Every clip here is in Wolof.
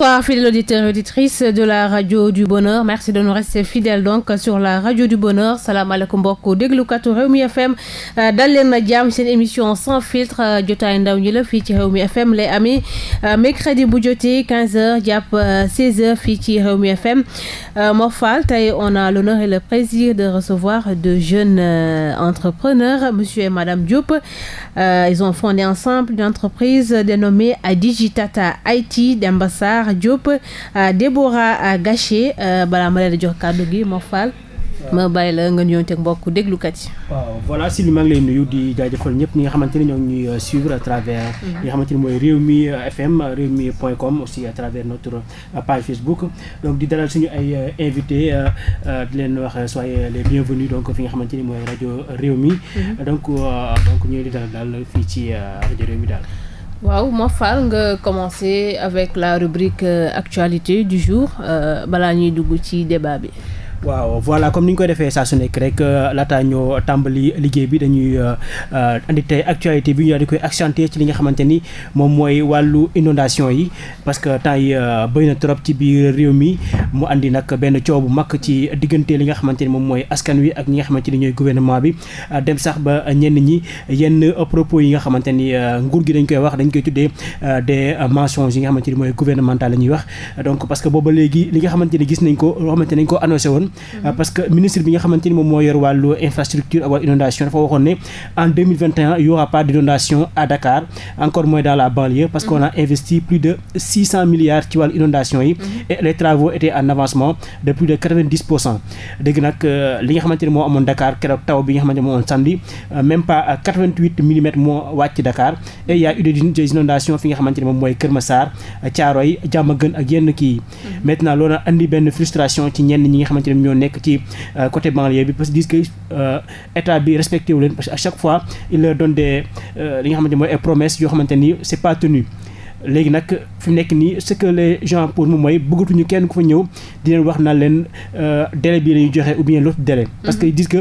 Bonsoir, fidèles auditeurs et auditrices la rajo du bonheur merci de nous rester fidèles donc sur la rajo du bonheur salaamaaleykum mbokk déglukatu Rewmi FM euh, dal leen na jàmm seen émission sans filtre euh, jotaay ndaw ñi la fii ci Rewmi FM lay amee euh, mercredi bu jotee 15h jàpp 16h fii ci Rewmi FM Mor Fall tey on a l'honneur et le plaisir de recevoir de jeunes entrepreneurs monsieur et madame Diop ils ont fondé ensemble une entreprise dénommée Adigitata IT d'Ambassar Makhtar Diop euh, Débora euh, Gaché euh, balaa ma leen di jox kàddu gi moo faal ma bàyyi la nga nuyoon teg mbokk déglukat yi. waaw voilà Sylvie maa ngi leen nuyu di jaajëfal ñëpp ñi nga xamante ni ñoo ngi ñuy suivre à travers. Mhm. li nga xamante ni mooy réew mi FM réew mi point com aussi à travers notre page Facebook. donc di dalal suñu ay invité di leen wax soyez les bienvenus donc fi nga xamante ni mooy rajo réew mi. Mhm. donc donc ñu di dalal daal fii ci rajo réew mi daal. waaw Mor Fall nga commencé avec la rubrique euh, actualité du jour euh, balaa ñuy dugg ci débat bi. waaw voilà comme ni ñu koy defee saa su nekk rek euh, laataa ñoo tàmbali liggéey bi dañuy euh, euh, andi tey actualité bi ñu daal di koy accentuer ci li nga xamante ni moom mooy wàllu inondation yi parce que temps yi bëri na trop ci biir réew mi mu andi nag benn coow bu mag ci diggante li nga xamante ni moom mooy askan wi ak ñi nga xamante ni ñooy gouvernement bi dem sax ba ñenn ñi yenn propos yi nga xamante ni nguur gi dañ koy wax dañ koy tuddee des mensonges yi nga xamante ni mooy gouvernemental la ñuy wax donc parce que booba léegi li nga xamante ni gis nañ ko loo xamante nañ ko annoncé woon Euh, parce que ministre bi nga xamante ni moom yor wàllu infrastructure ak wàllu inondation dafa waxoon ne en 2021 il y d'inondation à Dakar encore moins dans la banlieue parce qu'on a investi plus de 600 milliards ci wàllu inondation yi mhm. et les travaux étaient en avancement de plus de dégg nag euh, li nga xamante moo amoon Dakar keroog taw bi nga xamante moo amoon samedi euh, même pas 88 millimètres moo wàcc Dakar et il y a eu des fi nga xamante ñoo nekk ci euh, côté banlieue bi parce que disent que euh, état bi respecté wu leen parce que chaque fois il leur donne des euh, li nga xamante ni mooy ay promesses yoo xamante ni c'est pas tenu léegi nag fi mu nekk nii ce que les gens pour mu mooy bëggatuñu kenn ku fa ñëw di wax na leen euh, délai bii la ñuy joxe ou bien l'autre délai. parce que mhm. ils disent que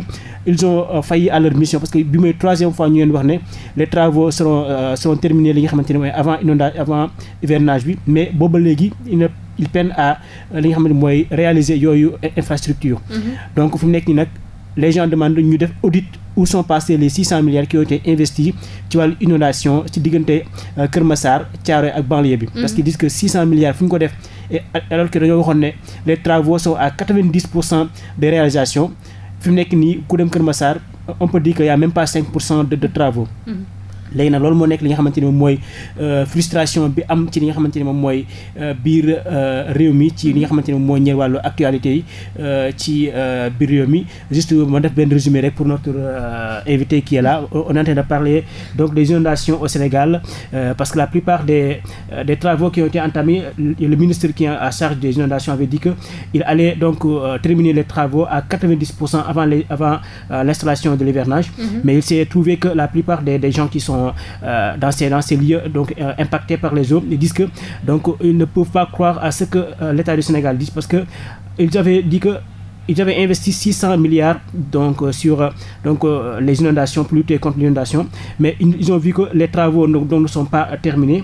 ils ont euh, failli à leur mission parce que bi mooy troisième fois ñu leen wax ne les travaux seront euh, seront terminés li nga xamante ne mooy avant inondation avant hivernage bi mais booba léegi il pen a à li nga xamante mooy réaliser yooyu infrastructure mhm. donc fi mu nekk nii nag. les gens demandent ñu def audit où sont passés les six cent milliards qui ont été investis ci wàllu inondation ci diggante euh, Kër Massar Thiaroye ak banlieue bi. Mm-hmm. parce qu'ils disent que cent milliards fu ñu ko def alors que dañoo waxoon ne les travaux sont à quatre vingt dix pour cent des réalisations fi mu nekk nii ku dem Kër Massar on peut dire que même pas cinq pour cent de de travaux. Mm-hmm. léegi nag loolu moo nekk li nga xamante ni moom mooy euh, bi am ci li nga xamante ni moom mooy euh, biir euh, réew mi ci li nga xamante ni moom mooy ñeel wàllu actualité yi ci biir réew mi juste ma def benn résumé rek pour notre invité qui est là on est en train de parler des inondations au Sénégal parce que la plupart des des travaux qui ont été entamés le ministre qui est en charge des inondations avait dit que il allait donc terminer les travaux à 90 pour cent avant les l'installation de l'hivernage mm-hmm. mais il s'est trouvé que la plupart des des dans euh, dans ces dans ces lieux donc euh, impactés par les eaux ils disent que donc ils ne peuvent pas croire à ce que euh, l'État du Sénégal dit parce que ils avaient dit que ils avaient investi 600 milliards donc euh, sur euh, donc euh, les inondations pour lutter contre l'inondation mais ils, ils ont vu que les travaux donc, donc ne sont pas terminés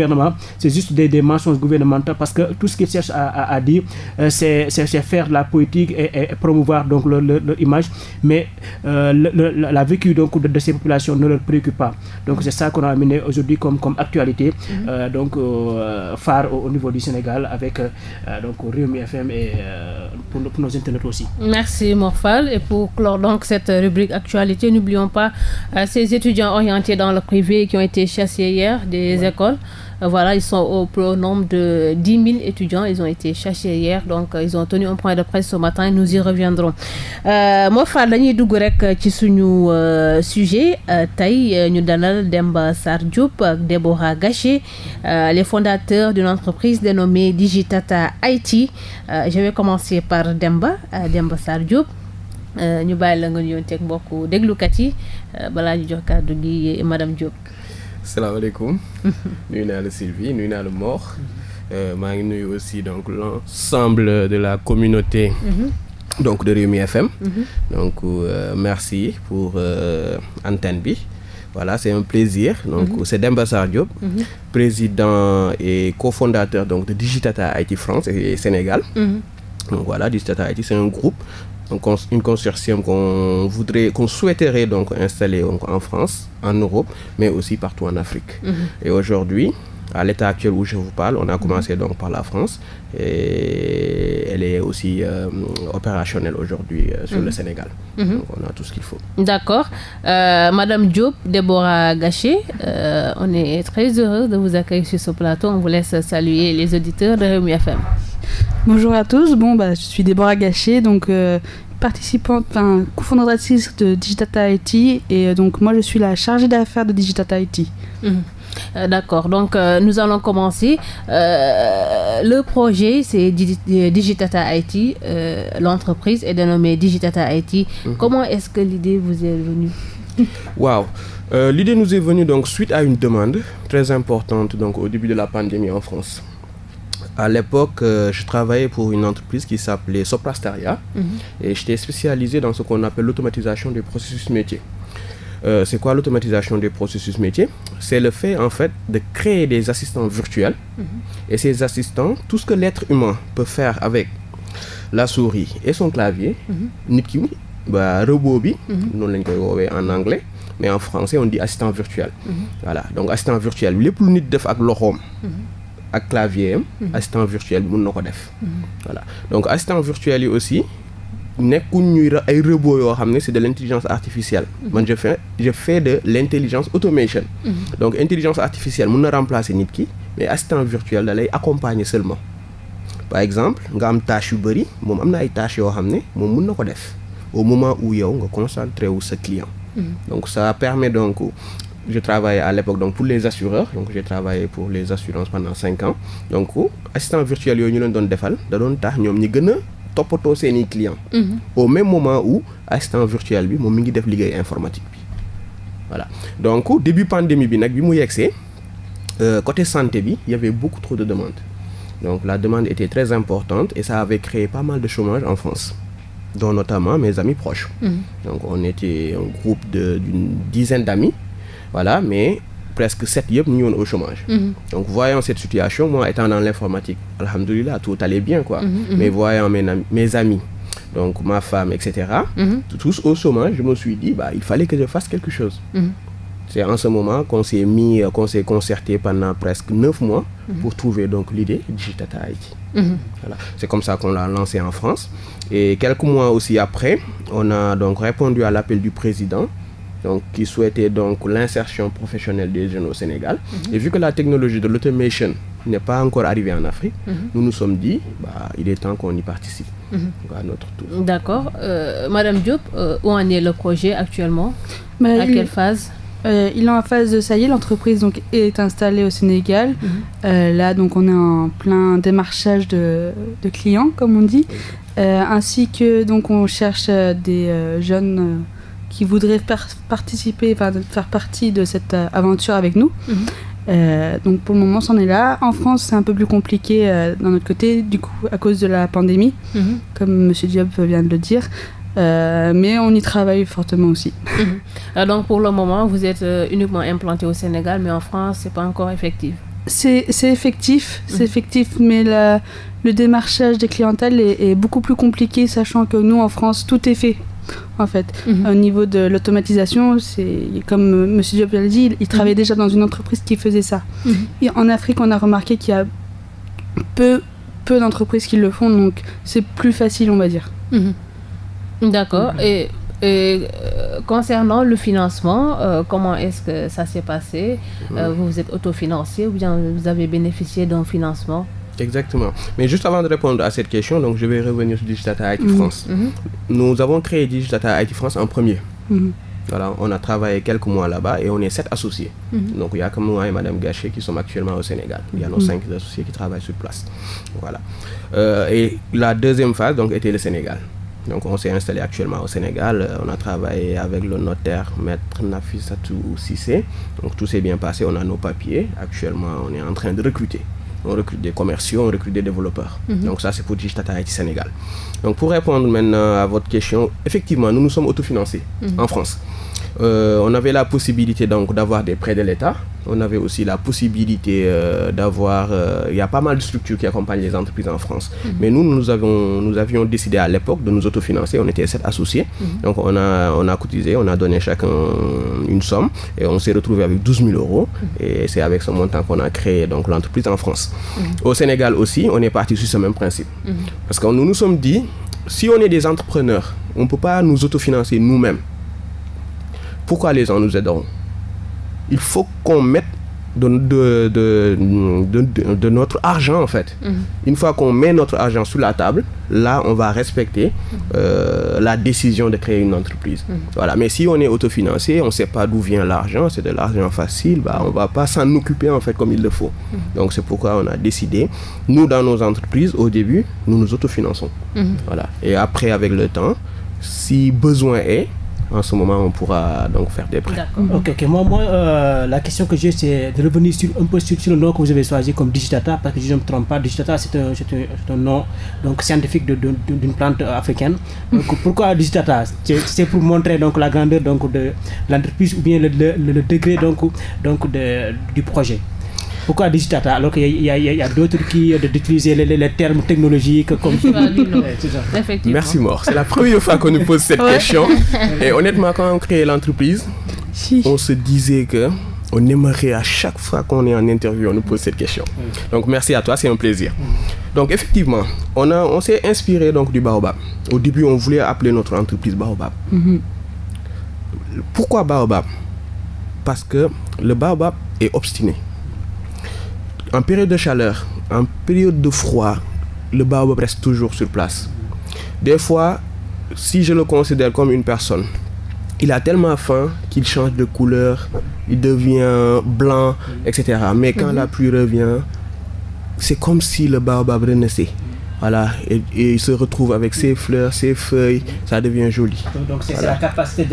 gouvernement c'est juste des, des mensonges gouvernementaux parce ce qu'ils cherchent à, dire euh, c'est faire la politique et, et, et promouvoir donc leur, leur, leur image mais euh, la vécu de, de, ces populations ne leur préoccupe pas donc c'est ça qu'on a amené aujourd'hui comme comme actualité mhm. euh, donc phare au, niveau du Sénégal avec donc Rewmi FM et pour, nos internautes aussi Morphal et pour clore donc cette rubrique actualité n'oublions pas ces étudiants orientés dans le privé qui ont été chassés hier des écoles voilà ils sont au plus nombre de dix mille étudiants ils ont été chassés hier donc euh, ils ont tenu un point de presse ce matin nous y reviendrons euh, moo fa dañuy dugg rek euh, ci suñu sujet tey ñu dalal Demba Sarr Diop ak Deborah Gaché les fondateurs d'une entreprise dénommée Digitata IT je vais commencer par Demba Demba Sarr Diop ñu bàyyi la nga yoon teg mbokku déglukat yi balaa ñu jox kàddu madame Diop. salaamaaleykum. nuyu naa la Sylvie nuyu naa la euh, maa ngi nuyu aussi donc l' de la communauté. Mm-hmm. donc de Rewmi FM. Mm-hmm. donc euh, merci pour euh, antenne bi. voilà c' est un plaisir. donc mm -hmm. est Demba Sarr Diop. Mm président et cofondateur donc de Digitata IT France et Sénégal. donc voilà Digitata IT c' un groupe un cons une consortium qu'on voudrait, qu'on souhaiterait donc installer donc, en France, en Europe, mais aussi partout en Afrique. Mmh. Et aujourd'hui, à l'état actuel où je vous parle on a commencé donc par la France et elle est aussi euh, opérationnelle aujourd'hui euh, sur mmh. le mhm. Sénégal. Mmh. Donc on a tout ce qu'il faut. D'accord. Euh, Madame Diop, Déborah Gaché, euh, on est très heureux de vous accueillir sur ce plateau. On vous laisse saluer les auditeurs de Rewmi FM. Bonjour à tous. Bon, bah, je suis Déborah Gaché, donc euh, participante, enfin cofondatrice de Digitata IT et euh, donc moi je suis la chargée d'affaires de Digitata IT. Mmh. Euh, d'accord donc euh, nous allons commencer euh, le projet c'est Digitata IT l'entreprise est dénommée Digitata IT. Mhm. comment est-ce que l'idée vous est venue waaw euh, l'idée nous est venue donc suite à une demande très importante donc au début de la pandémie en France à l'époque euh, je travaillais pour une entreprise qui s'appelait Soprastaria mm -hmm. et j'étais spécialisé dans ce qu'on appelle l'automatisation des processus métiers euh, c'est quoi l'automatisation des processus métiers C'est le fait en fait de créer des assistants virtuels. Mm Et ces assistants, tout ce que l'être humain peut faire avec la souris et son clavier, mm-hmm. nit ki ba bi mm-hmm. noonu lañ koy woowe en anglais mais en français on dit assistant virtuel. Mm voilà donc assistant virtuel lépp lu nit def ak loxoom. ak clavier am. assistant virtuel bi mun na ko def. voilà donc assistant virtuel yi aussi nekkuñ ñuy ay robot yoo xam ne c'est de l'intelligence artificielle mhm. man je fais je fais de l'intelligence automation mhm. donc intelligence artificielle mun na remplacer nit ki mais assistant virtuel da lay accompagner seulement par exemple nga am tâche yu bëri moom am na ay tâches yoo xam ne moom mun na ko def au moment où yow nga concentré wu sa client mhm. donc sa permet donc je travaillais à l'époque donc pour les assureurs donc j'ai travaillé pour les assurances pendant cinq ans donc assistant virtuel yooyu ñu leen doon defal da doon tax ñoom ñi gën a toppatoo seen i clients. Mhm. au même moment où assistant virtuel bi moom mi ngi def liggéey informatique bi voilà pandémie bi nag bi mu yegsee euh, côté santé bi y avait beaucoup trop de demandes donc la demande était très importante et ça avait créé pas mal de chômage en France dont notamment mes amis proches. Mmh. donc on était un groupe de dizaine d'amis voilà mais presque sept yëpp ñu ngi au chômage mhm. donc voyant cette situation moi étant dans l'informatique alhamdoulilah tout allait bien mhm, mhm. mais voyant mes amis donc ma femme et tous au chômage je me suis dit il fallait que je fasse quelque chose c'est en ce moment qu'on s'est concerté pendant presque neuf mois pour trouver donc l'idée Digitata Haïti c'est comme ça qu'on l'a lancé en France et quelques mois aussi après on a donc répondu à l'appel du président donc qui souhaitait donc l'insertion professionnelle des jeunes au Sénégal. Mm -hmm. Et vu que la technologie de l'automation n'est pas encore arrivée en Afrique, mm -hmm. nous nous sommes dit, bah, il est temps qu'on y participe mm -hmm. à notre tour. D'accord. Euh, Madame Diop, euh, où en est le projet actuellement Mais À quelle il, phase euh, Il est en phase de ça y est, l'entreprise donc est installée au Sénégal. Mhm. Euh, là, donc, on est en plein démarchage de, de clients, comme on dit, euh, ainsi que donc on cherche euh, des jeunes qui voudraient par participer, par faire partie de cette euh, aventure avec nous. Mm -hmm. euh, donc pour le moment, c'en est là. En France, c'est un peu plus compliqué euh, d'un autre côté, du coup, à cause de la pandémie, mm -hmm. comme M. Diop vient de le dire. Euh, mais on y travaille fortement aussi. Mmh. Donc pour le moment, vous êtes euh, uniquement implanté au Sénégal, mais en France, c'est pas encore effectif. C'est effectif, c'est mmh. effectif, mais la, le démarchage des clientèles est, est, beaucoup plus compliqué, sachant que nous, en France, tout est fait en fait. Mm -hmm. Au niveau de l'automatisation, c'est comme euh, M. Diop l'a dit, il, il travaillait mm -hmm. déjà dans une entreprise qui faisait ça. Mm -hmm. Et en Afrique, on a remarqué qu'il y a peu, peu d'entreprises qui le font, donc c'est plus facile, on va dire. Mhm. D'accord. Mhm. Et, et euh, concernant le financement, euh, comment est-ce que ça s'est passé euh, Vous vous êtes autofinancé ou bien vous avez bénéficié d'un financement Exactement. Mais juste avant de répondre à cette question, donc je vais revenir sur Digidata IT France. Mm-hmm. Mm-hmm. Nous avons créé Digidata IT France en premier. Mm-hmm. Voilà, on a travaillé quelques mois là-bas et on est sept associés. Donc il y a comme Madame Gachet qui sommes actuellement au Sénégal. Il y a nos cinq associés qui travaillent sur place. Voilà. Euh, la deuxième phase donc était le Sénégal. Donc on s'est installé actuellement au Sénégal. Euh, on a travaillé avec le notaire Maître Nafisatou Sissé. a nos papiers. Actuellement de recruter. on recrute des commerciaux, on recrute des développeurs. Mm -hmm. Donc ça, c'est pour Digitata IT Sénégal. Donc pour répondre maintenant à votre question, effectivement, nous nous sommes autofinancés mm -hmm. en France. Euh, on avait la possibilité d'avoir des prêts de l'État. On avait aussi la possibilité euh, d'avoir. Euh, il y a pas mal de structures qui accompagnent les entreprises en France. Mhm. Mais nous, avons, décidé à l'époque de nous autofinancer. On était sept associés. Mhm. on a, on a cotisé, on a donné chacun une somme et on s'est retrouvé avec euros. Mhm. Et c'est avec ce montant qu'on a créé donc l'entreprise en France. Au Sénégal aussi, on ne peut pas nous autofinancer nous-mêmes. pourquoi les gens nous aideront Il faut qu'on mette de, de, de, de, notre argent en fait. Mm -hmm. Une fois qu'on met notre argent sur la table, là on va respecter mm -hmm. euh, la décision de créer une entreprise. Mm -hmm. Voilà. Mais si on est autofinancé, on ne sait pas d'où vient l'argent, c'est de l'argent facile, bah, on ne va pas s'en occuper en fait comme il le faut. Mm-hmm. Donc c'est pourquoi on a décidé, nous dans nos entreprises, au début, nous nous autofinançons. Mm-hmm. Voilà. Et après avec le temps, si besoin est, en ce moment, on pourra donc faire des prêts. Ok, ok. Moi, moi euh, la question que j'ai, c'est de revenir sur, un peu sur, sur, le nom que vous avez choisi comme Digitata, parce que je ne me Digitata, c'est un, un, donc, scientifique d'une plante euh, africaine. Donc, mhm. pourquoi Digitata C'est pour montrer donc, la grandeur donc, de, l'entreprise ou bien le, degré donc, du projet. pourquoi digitata alors qu'il y a, y a, y a d'autres qui euh, d'utiliser les, les, les, termes technologiques comme Merci Mor, c'est la première fois qu'on nous pose cette question. Et honnêtement, quand on crée l'entreprise, on se disait que on aimerait à chaque fois qu'on est en interview, on nous pose cette question. Donc merci à toi, c'est un plaisir. Donc effectivement, on, a, s'est inspiré du Baobab. Au début, on voulait appeler notre entreprise Baobab. Mm-hmm. Pourquoi Baobab Parce que le Baobab en période de chaleur en période de froid le baobab reste toujours sur place des fois si je le considère comme une personne il a tellement faim qu'il change de couleur il devient blanc etc mais quand mm la mhm. pluie revient c'est comme si le baobab renaissait voilà et, et il se retrouve avec ses fleurs ses feuilles ça devient joli donc c'est voilà. la capacité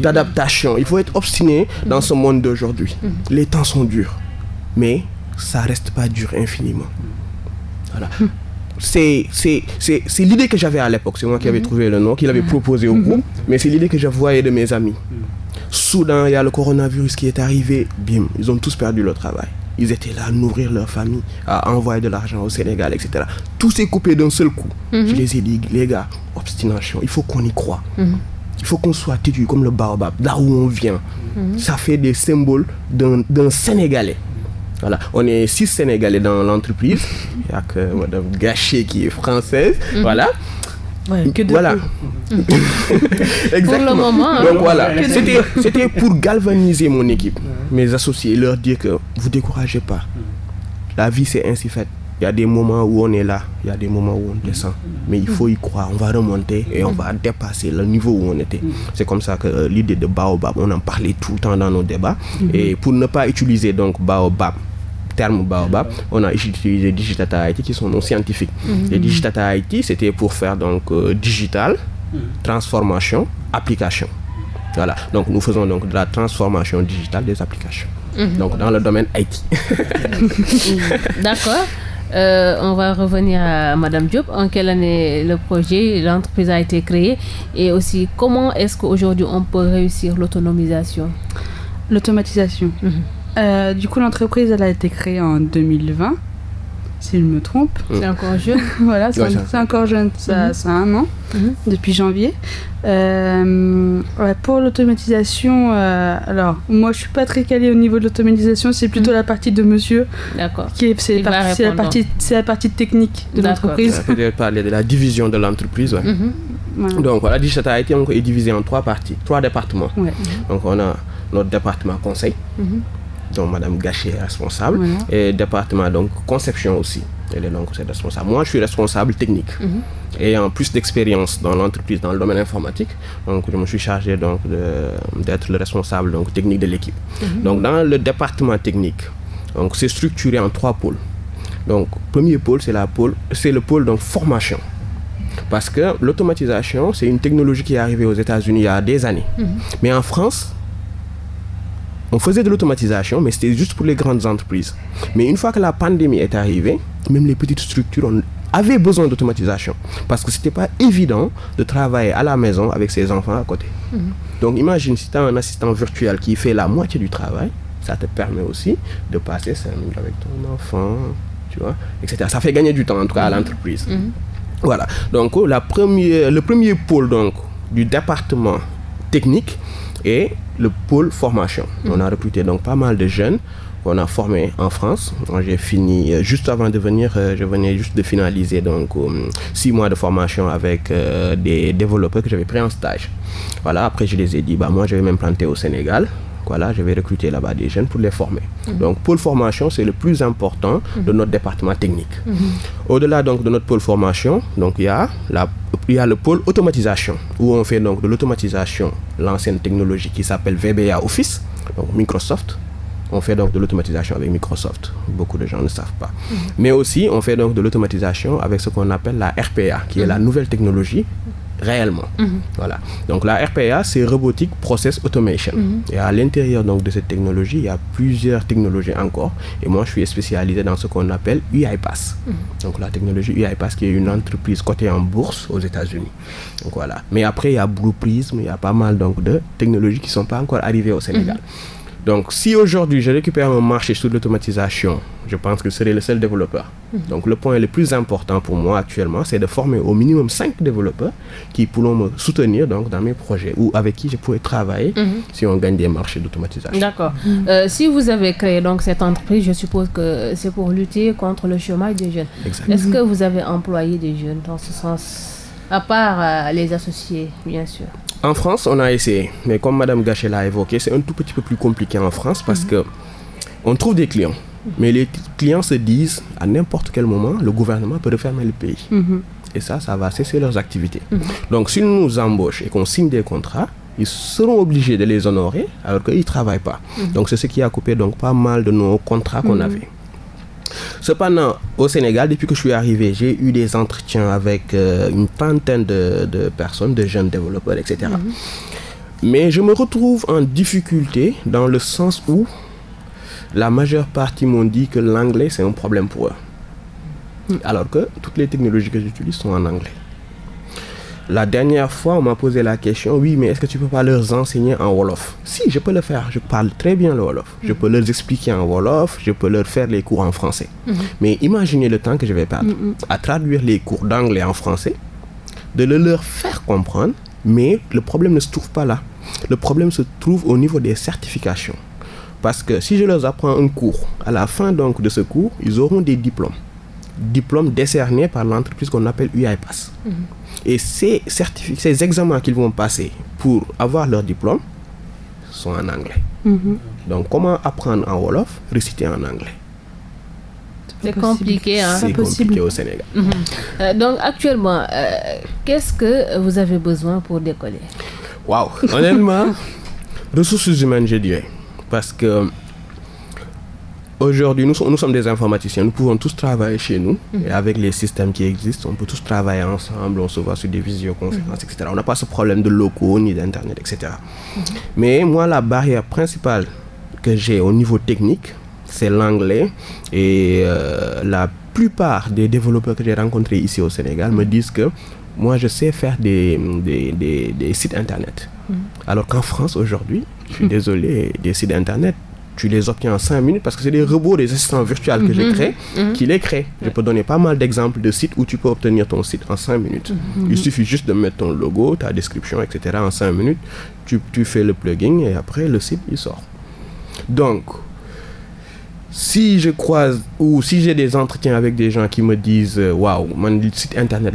d'adaptation il faut être obstiné dans mhm. ce monde d'aujourd'hui mhm. les temps sont durs ça reste pas dur infiniment voilà c'est c'est c'est c'est l'idée que j'avais à l'époque c'est moi qui avais mhm. trouvé le nom qui l'avais mhm. proposé au groupe mhm. mais c'est l'idée que je de mes amis soudain y a le coronavirus qui est arrivé bim ils ont tous perdu leur travail ils étaient là à leur famille à envoyer de l'argent au Sénégal etc tout s'est coupé d'un seul coup je les ai dit obstination il faut qu'on soit têtu comme le baobab là où on vient ça Voilà, on est six Sénégalais dans l'entreprise. Il Madame Gachet qui est française. Mm-hmm. Voilà. voilà. Mm-hmm. Exactement. le moment, Donc voilà, c'était pour galvaniser mon équipe, mes associés, leur dire que vous découragez pas. Mm-hmm. La vie, c'est ainsi faite. Il a des moments où on est là, il a des moments où on descend. Mais il faut y croire, on va remonter et on va dépasser le niveau où on était. C'est comme ça que euh, l'idée de Baobab, on en parlait tout le temps dans nos débats. Et pour terme baobab, on a utilisé Digitata IT qui sont non scientifiques. Mm -hmm. Et Digitata IT, c'était pour faire donc euh, digital, mm-hmm. transformation, application. Voilà, donc nous faisons donc de la transformation digitale des applications. Mm Donc dans le domaine IT. Mm-hmm. D'accord. Euh, on va revenir à Madame Diop. En quelle année le projet, l'entreprise a été créée et aussi comment est-ce qu'aujourd'hui on peut réussir l'autonomisation L'automatisation. Euh, du coup, l'entreprise, elle a été créée en 2020, si je me trompe. Euh. C'est encore jeune. voilà, c'est ouais, encore jeune, ça, mm -hmm. ça, a un an, mm -hmm. depuis janvier. Euh, ouais, pour l'automatisation, euh, alors, moi, je suis pas très calée au niveau de l'automatisation, c'est plutôt mm -hmm. la partie de monsieur. D'accord. C'est par la, partie, la partie technique de l'entreprise. peut parler de la division de l'entreprise, ouais. Mhm. Voilà. Donc voilà, Digital IT est divisé en trois parties, trois départements. Donc on a notre département conseil, mhm. mettons Madame Gachet responsable. Voilà. Et département donc conception aussi. Elle est donc cette responsable. Moi, je suis technique. Mm-hmm. Et en plus d'expérience dans l'entreprise, dans le domaine informatique, donc je me suis chargé d'être le responsable technique de l'équipe. Mm-hmm. dans le département technique, donc c'est structuré en trois pôles. Donc premier pôle, c'est le pôle donc formation. Parce que l'automatisation, c'est une technologie qui est aux États-Unis il y a des années. Mm-hmm. Mais en France, on faisait de l'automatisation, mais c'était juste pour les grandes entreprises. Mais une fois que la pandémie est arrivée, même les petites structures avaient besoin d'automatisation parce que c'était pas évident de travailler à la maison avec ses enfants à côté. Mhm. imagine si un assistant virtuel qui fait la moitié du travail, ça te permet aussi de passer 5 minutes avec ton enfant, tu vois, etc. Ça fait gagner du temps en tout cas à mhm. l'entreprise. Mhm. Donc oh, la première, le premier pôle donc du département technique, et le pôle formation. Mmh. On a recruté donc pas mal de jeunes qu'on a formés en France. J'ai fini euh, juste avant de venir, euh, je venais juste de finaliser donc euh, six mois de formation avec euh, des développeurs que j'avais pris en stage. Voilà, après je les ai dit, bah moi je vais m'implanter au Sénégal. voilà, je vais recruter là-bas des jeunes pour les former. Mm -hmm. Donc, pôle formation, c'est le plus important mm -hmm. de notre département technique. Mhm. Au-delà donc de notre pôle formation, il y a la le pôle automatisation où on fait donc de l'ancienne technologie qui s'appelle VBA Office, On fait donc de l'automatisation avec Microsoft. Beaucoup de gens ne savent pas. Mhm. Mais aussi, on fait donc de l'automatisation avec ce qu'on appelle la RPA, qui est la mhm. nouvelle technologie réellement. Mm -hmm. la RPA, c'est Robotic Process Automation. Mm -hmm. Et à l'intérieur de cette technologie, il y a plusieurs technologies encore. Et moi, je suis spécialisé dans ce qu'on appelle UiPass. Mm-hmm. la technologie UiPass, qui est une entreprise cotée en bourse aux États-Unis. Mais après, il y a Blue Prism, il y a pas mal donc de technologies qui ne sont pas encore arrivées au Sénégal. Mm-hmm. Donc, si aujourd'hui je récupère un marché sur l'automatisation, je pense que je serai le seul développeur. Mmh. Donc, le point le plus important pour moi actuellement, c'est de former au minimum 5 développeurs qui pourront me soutenir donc, dans mes projets ou avec qui je pourrais travailler mmh. si on gagne des marchés d'automatisation. D'accord. Mmh. Euh, si vous avez créé donc, cette entreprise, je suppose que c'est pour lutter contre le chômage des jeunes. Est-ce que vous avez employé des jeunes dans ce sens à part euh, les associés, bien sûr En France, on a essayé, mais comme Madame Gachet l'a évoqué, c'est un tout petit peu plus compliqué en France parce mm on trouve des clients, mais les clients se disent à n'importe quel moment, le gouvernement peut refermer le pays. Mhm. Et ça, va cesser leurs activités. Mhm. s'ils nous embauchent et qu'on signe des contrats, ils seront obligés de les honorer alors qu'ils ne travaillent pas. Mhm. Donc, c'est ce qui a coupé donc pas mal de nos Cependant, au Sénégal, depuis que je suis arrivé, j'ai eu des entretiens avec euh, une trentaine de, de, personnes, de jeunes développeurs, etc. Mmh. Mais je me retrouve en difficulté dans le sens où la majeure partie m'ont dit que l'anglais, c'est un problème pour eux. Mmh. Alors que toutes les technologies que j'utilise sont en anglais. La dernière fois, on m'a posé la question, oui, mais est-ce que tu peux pas leur enseigner en Wolof Si, je peux le faire, je parle très bien le Wolof. Je peux leur expliquer en Wolof, je peux leur faire les cours en français. Mm-hmm. Mais imaginez le temps que je vais perdre mm-hmm. à traduire les cours d'anglais en français, de le leur faire comprendre, mais le problème ne se trouve pas là. Le problème se trouve au niveau des certifications. Parce que si je leur apprends la fin donc de ce cours, ils Et ces, certific ces examens qu'ils vont passer avoir leur diplôme sont en anglais. Mhm. Donc, comment apprendre en Wolof, réciter en anglais c'est compliqué, C'est compliqué au Sénégal. Mhm. Euh, donc actuellement, euh, qu'est-ce que vous avez besoin pour décoller Waouh Honnêtement, ressources humaines, je dirais. Parce aujourd'hui, nous, nous, sommes des informaticiens, nous pouvons tous travailler chez nous. Mhm. Et avec les systèmes qui existent, on peut tous travailler ensemble, on se voit sur des visioconférences, mmh. etc. On n'a pas ce problème de locaux, ni d'Internet, etc. Mhm. Mais moi, la barrière principale que j'ai au niveau technique, c'est l'anglais. Et euh, la plupart des développeurs que j'ai rencontrés ici au Sénégal me mhm. disent que moi, je sais faire des, des, sites Internet. Alors qu'en France, aujourd'hui, tu les obtiens en 5 minutes parce que c'est des robots, des assistants virtuels que j'ai mhm. créés, mhm. qui les créent. Je peux donner pas mal d'exemples de sites où tu peux obtenir ton site en 5 minutes. Mhm. Il suffit juste de mettre ton logo, ta description, etc. en 5 minutes. Tu, fais le plugin et après le site il Donc, si je croise ou si j'ai des entretiens avec des gens qui me disent euh, waouh, mon site internet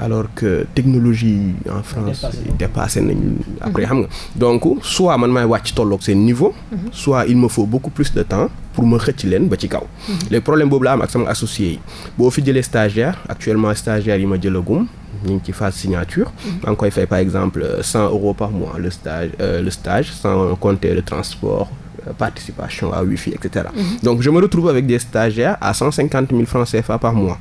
alors que technologie yi en France dépassé nañu après mhm. xam nga donc soit man maay ci tolloog seen niveau mhm. soit il me faut beaucoup plus de temps pour ma xëcc leen ba ci kaw mhm. les problèmes boobu la am ak sama associé yi boo fi jëlee stagiaire actuellement stagiaire yi ma jëlagum ñu ngi ci phase signature maa ngi koy fay par exemple euh, cent euros par mois le stage euh, le stage sans compter le transport euh, participation à wifi et cetera mm donc je me retrouve avec des stagiaires à cent cinquante mille francs CFA mois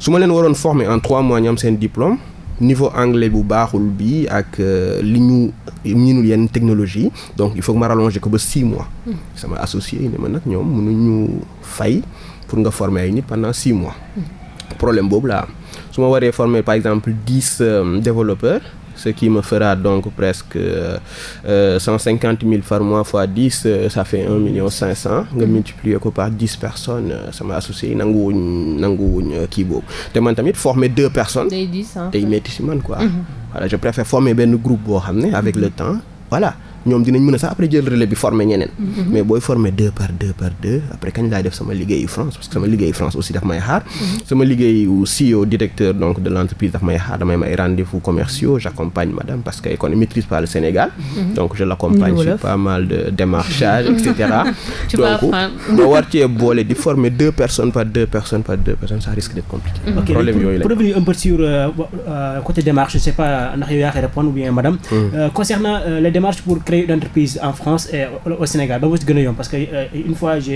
su ma leen waroon former en trois mois ñu seen diplôme niveau anglais bu baaxul bi ak euh, li ñu ñinul yenn technologie donc il faut que ma rallonger ko ba six mois. Hmm. sama associé yi ne ma nag ñoom mënuñu fay pour nga former ay nit pendant six mois. Hmm. problème boobu laa su ma waree former par exemple dix euh, développeur ce qui me fera donc presque euh, euh, cent cinquante mille par mois fois dix euh, ça fait un million cinq cent nga multiplier ko par dix personnes sama associé yi nangu nangu wuñ kii boobu te man tamit former deux personnes day métti si man quoi mhm. voilà je préfère former benn groupe boo xam ne avec le mhm. temps voilà ñoom dinañ mën a sax après jël relais bi former ñeneen. Mm-hmm. mais booy former deux par deux par deux après kañ laay def sama liggéeyu France parce que sama liggéeyu France aussi daf may xaar. Mm-hmm. sama liggéeyu CEO directeur de l' daf may xaar damay may rendez-vous commerciaux j' accompagne madame parce que kon maîtrise le Sénégal. Mm-hmm. donc je l' accompagne sur pas mal de démarchage et donc boo war boole di former deux personnes par deux personnes d' créer une entreprise en France et au Sénégal ba mu si a yomb euh,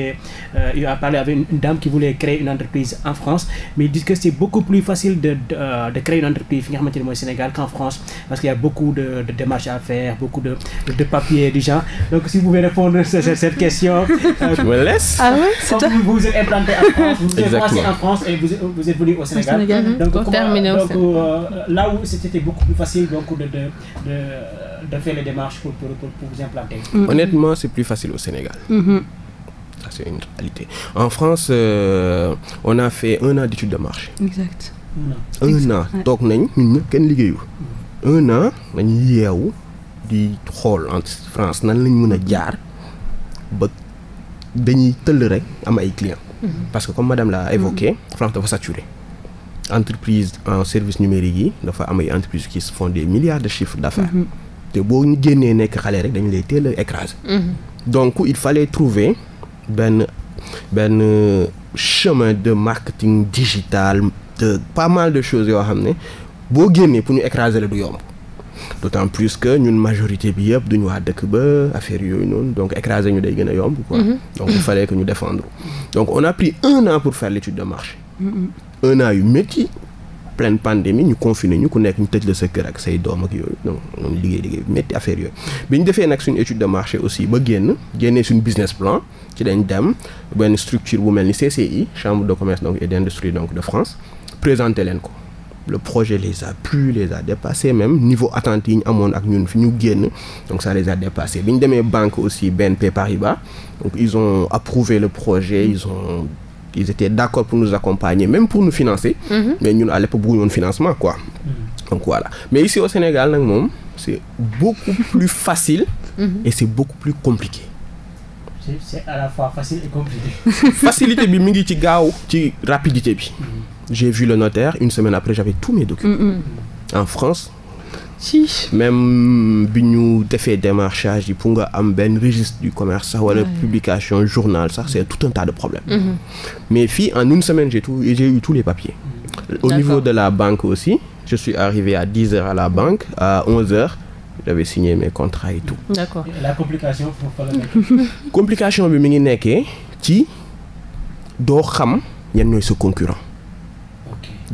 euh, avec une dame qui voulait créer une entreprise en France mais dit que c'est beaucoup plus facile de euh, créer une entreprise fi nga xamante qu'en France parce qu'il y a beaucoup de de à faire de de papiers du genre si vous pouvez répondre cette question. Ah en France. et vous vous êtes venu au Sénégal. donc mm-hmm. comment donc là où c'était beaucoup plus facile donc de de de. de faire les démarches pour, mm-hmm. c'est plus facile au Sénégal. Mm-hmm. En France, euh, on a fait un an d'études de marché. Exact. un an. toog nañ ñun ñëpp kenn liggéeyu. Mm-hmm. un an dañuy yeewu di xool en France nan lañ mën a jaar ba dañuy tëll rek am ay clients. parce que comme madame l'a évoqué. France dafa saturé. entreprise en service numérique yi dafa am ay entreprises qui se font des milliards de chiffres d'affaires. te boo ñu génnee nekk xale rek dañu lay teel a écraser. Mm-hmm. donc il fallait trouver benn benn chemin de marketing digital de pas mal de choses yoo xam ne boo génnee pour ñu écraser la du yomb. d'autant plus que ñun majorité bi yëpp duñu waa dëkk ba affaire yooyu noonu donc écraser ñu day gën a yomb quoi. Mm-hmm. donc il fallait que ñu défendre donc on a pris un an pour faire l'étude de marché. Mm-hmm. un an yu métti. pleine pandémie ñu confiné ñu ku nekk ñu tëj la sa kër ak say doom ak yooyu donc liggéey liggéey bi métti affaire yooyu bi ñu defee nag suñu étude de marché aussi ba génn génnee suñu business plan ci dañ dem benn structure bu mel ni CCI chambre de commerce donc et d'industrie donc de France présenté leen ko le projet les a plu les a dépassé même niveau attente ñu amoon ak ñun fi ñu génn donc ça les a dépassé bi ñu demee banque aussi BNP Paribas donc ils ont approuvé le projet ils ils étaient d'accord pour nous accompagner même pour nous financer. Mhm. mais ñun à l'époque bëgguñu woon financement quoi. Mhm. donc voilà mais ici au Sénégal nag moom c'est beaucoup plus facile. Mhm. et c'est beaucoup plus compliqué. à la fois facile facilité bi mi ngi ci gaaw ci rapidité bi. j'ai vu le notaire une semaine après j'avais tous mes documents. en France si même mm, bi ñu defee démarchage yi pour nga am benn registre du commerce sax wala publication journal sax c'est tout un tas de problèmes mm-hmm. mais fii en une semaine j'ai tout j'ai eu tous les papiers au niveau de la banque aussi je suis arrivé à heures à la banque à onze heures j'avais signé mes contrats et tout complication bi mi ngi nekkee ci doo xam yan ñooy sa concurrent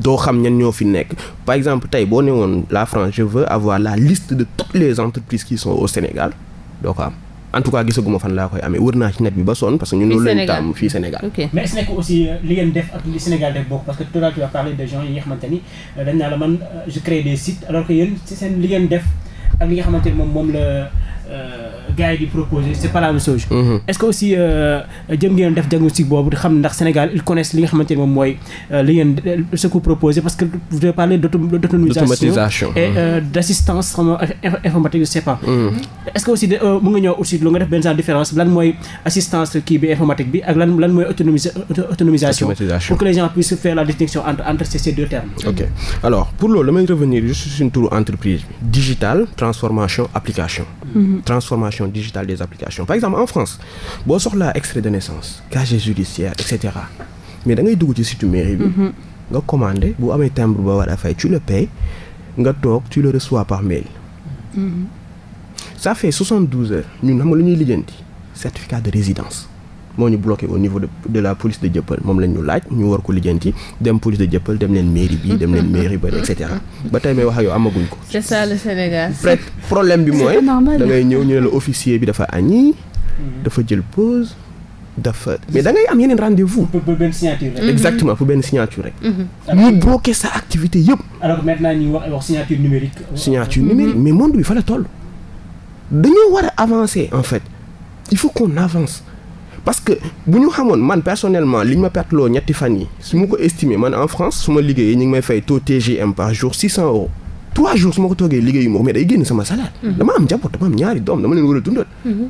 doo xam ñan ñoo fi nekk par exemple tey boo ne woon la France je veux avoir la liste de toutes les entreprises qui sont au Sénégal doo ko am en tout cas gisaguma fan laa koy amee wër naa ci net bi ba sonn parce que ñun loolu lañu tàmm fii Sénégal mais est-ce aussi euh, li ngeen def ak Sénégal def bokk parce que tout à l'heure tu de gens yi nga xamante ni euh, naa la man euh, je crée des sites alors que yéen ci seen li def ak li nga xamante moom moom la gars yi di proposer c'est pas mm-hmm. ce que aussi euh, jëm ngeen def diagnostic boobu xam ndax Sénégal ils connaissent li nga xamante ne moom mooy euh, li ngeen ce que proposé parce que vous avez parlé d'automatisation et mm-hmm. euh, d'assistance informatique je sais pas. Mm-hmm. est-ce que aussi mu nga ñëw aussi lu nga def benn genre différence lan mooy assistance kii bi informatique bi ak lan lan mooy autonomisation pour que les gens puissent faire la distinction entre entre deux termes. ok alors pour loolu damay revenir juste digitale des applications par exemple en France boo soxlaa extrait de naissance casier judiciaire et mais da ngay dugg ci site mairie bi. Mhm. nga commandé bu amee timbre ba war a fay tu le payes nga toog tu le reçois par mail. Mm -hmm. ça ñu 72 heures ñun ñuy lijjanti certificat de résidence. moo ñu bloqué au niveau de de la police de Dieuppeul moom lañ ñu laaj ñu war ko lijjanti dem police de Dieuppeul dem leen mairie bi dem leen mairie ba et ba tey may wax ak yow amaguñ ko. c'est problème bi mooy da ñëw ñu la officier bi dafa añi dafa jël pause. dafa mais da am yeneen rendez exactement pour benn signature rek. Mhm. ñu bloqué sa activité yëpp. signature numérique. Mhm. mais monde bi fa la toll. dañoo war a avancer en fait il faut qu'on avance. parce que bu ñu xamoon man personnellement li ñu ma perteloo ñetti fan yi su ma ko estimer man en France su ma liggéeyee ñu may fay taux TGM par jour 600 euros trois jours su ma ko toogee liggéeyu moo mais day génn sama salaire. Mm-hmm. dama am njaboot dama am ñaari doom dama leen war a dundal. Mm-hmm.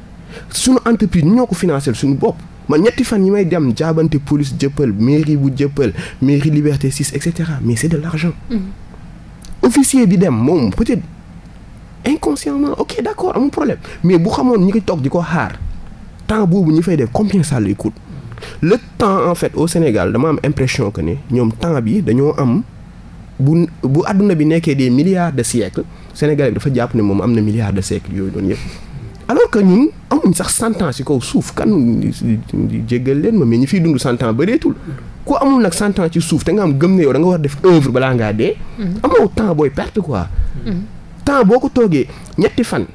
suñu entreprise ñoo ko financé suñu bopp. man ñetti fan yi may dem jaabante police jëppal mairie bu jëppal mairie Liberté 6 et cetera mais c'est de l'argent. Mm-hmm. officier bi dem moom peut-être inconsciemment ok d'accord amul problème mais bu xamoon ñi ko toog di ko xaar. temps boobu ñu fay def combien ça lui le temps en fait au Sénégal dama am impression que ne ñoom temps bi dañoo am bu bu àdduna bi nekkee de milliards de siècles Sénégal bi dafa jàpp ne moom am na milliards de siècles yooyu doon yëpp alors que ñun sax cent ans suuf kan jéggal leen ma mais fiy dund cent bëreetul ku amul nag cent ans ci suuf te nga am gëm ne yow da nga war def œuvre balaa ngaa dee mm-hmm. amoo temps booy perte quoi mm-hmm. temps boo ko toogee ñetti fan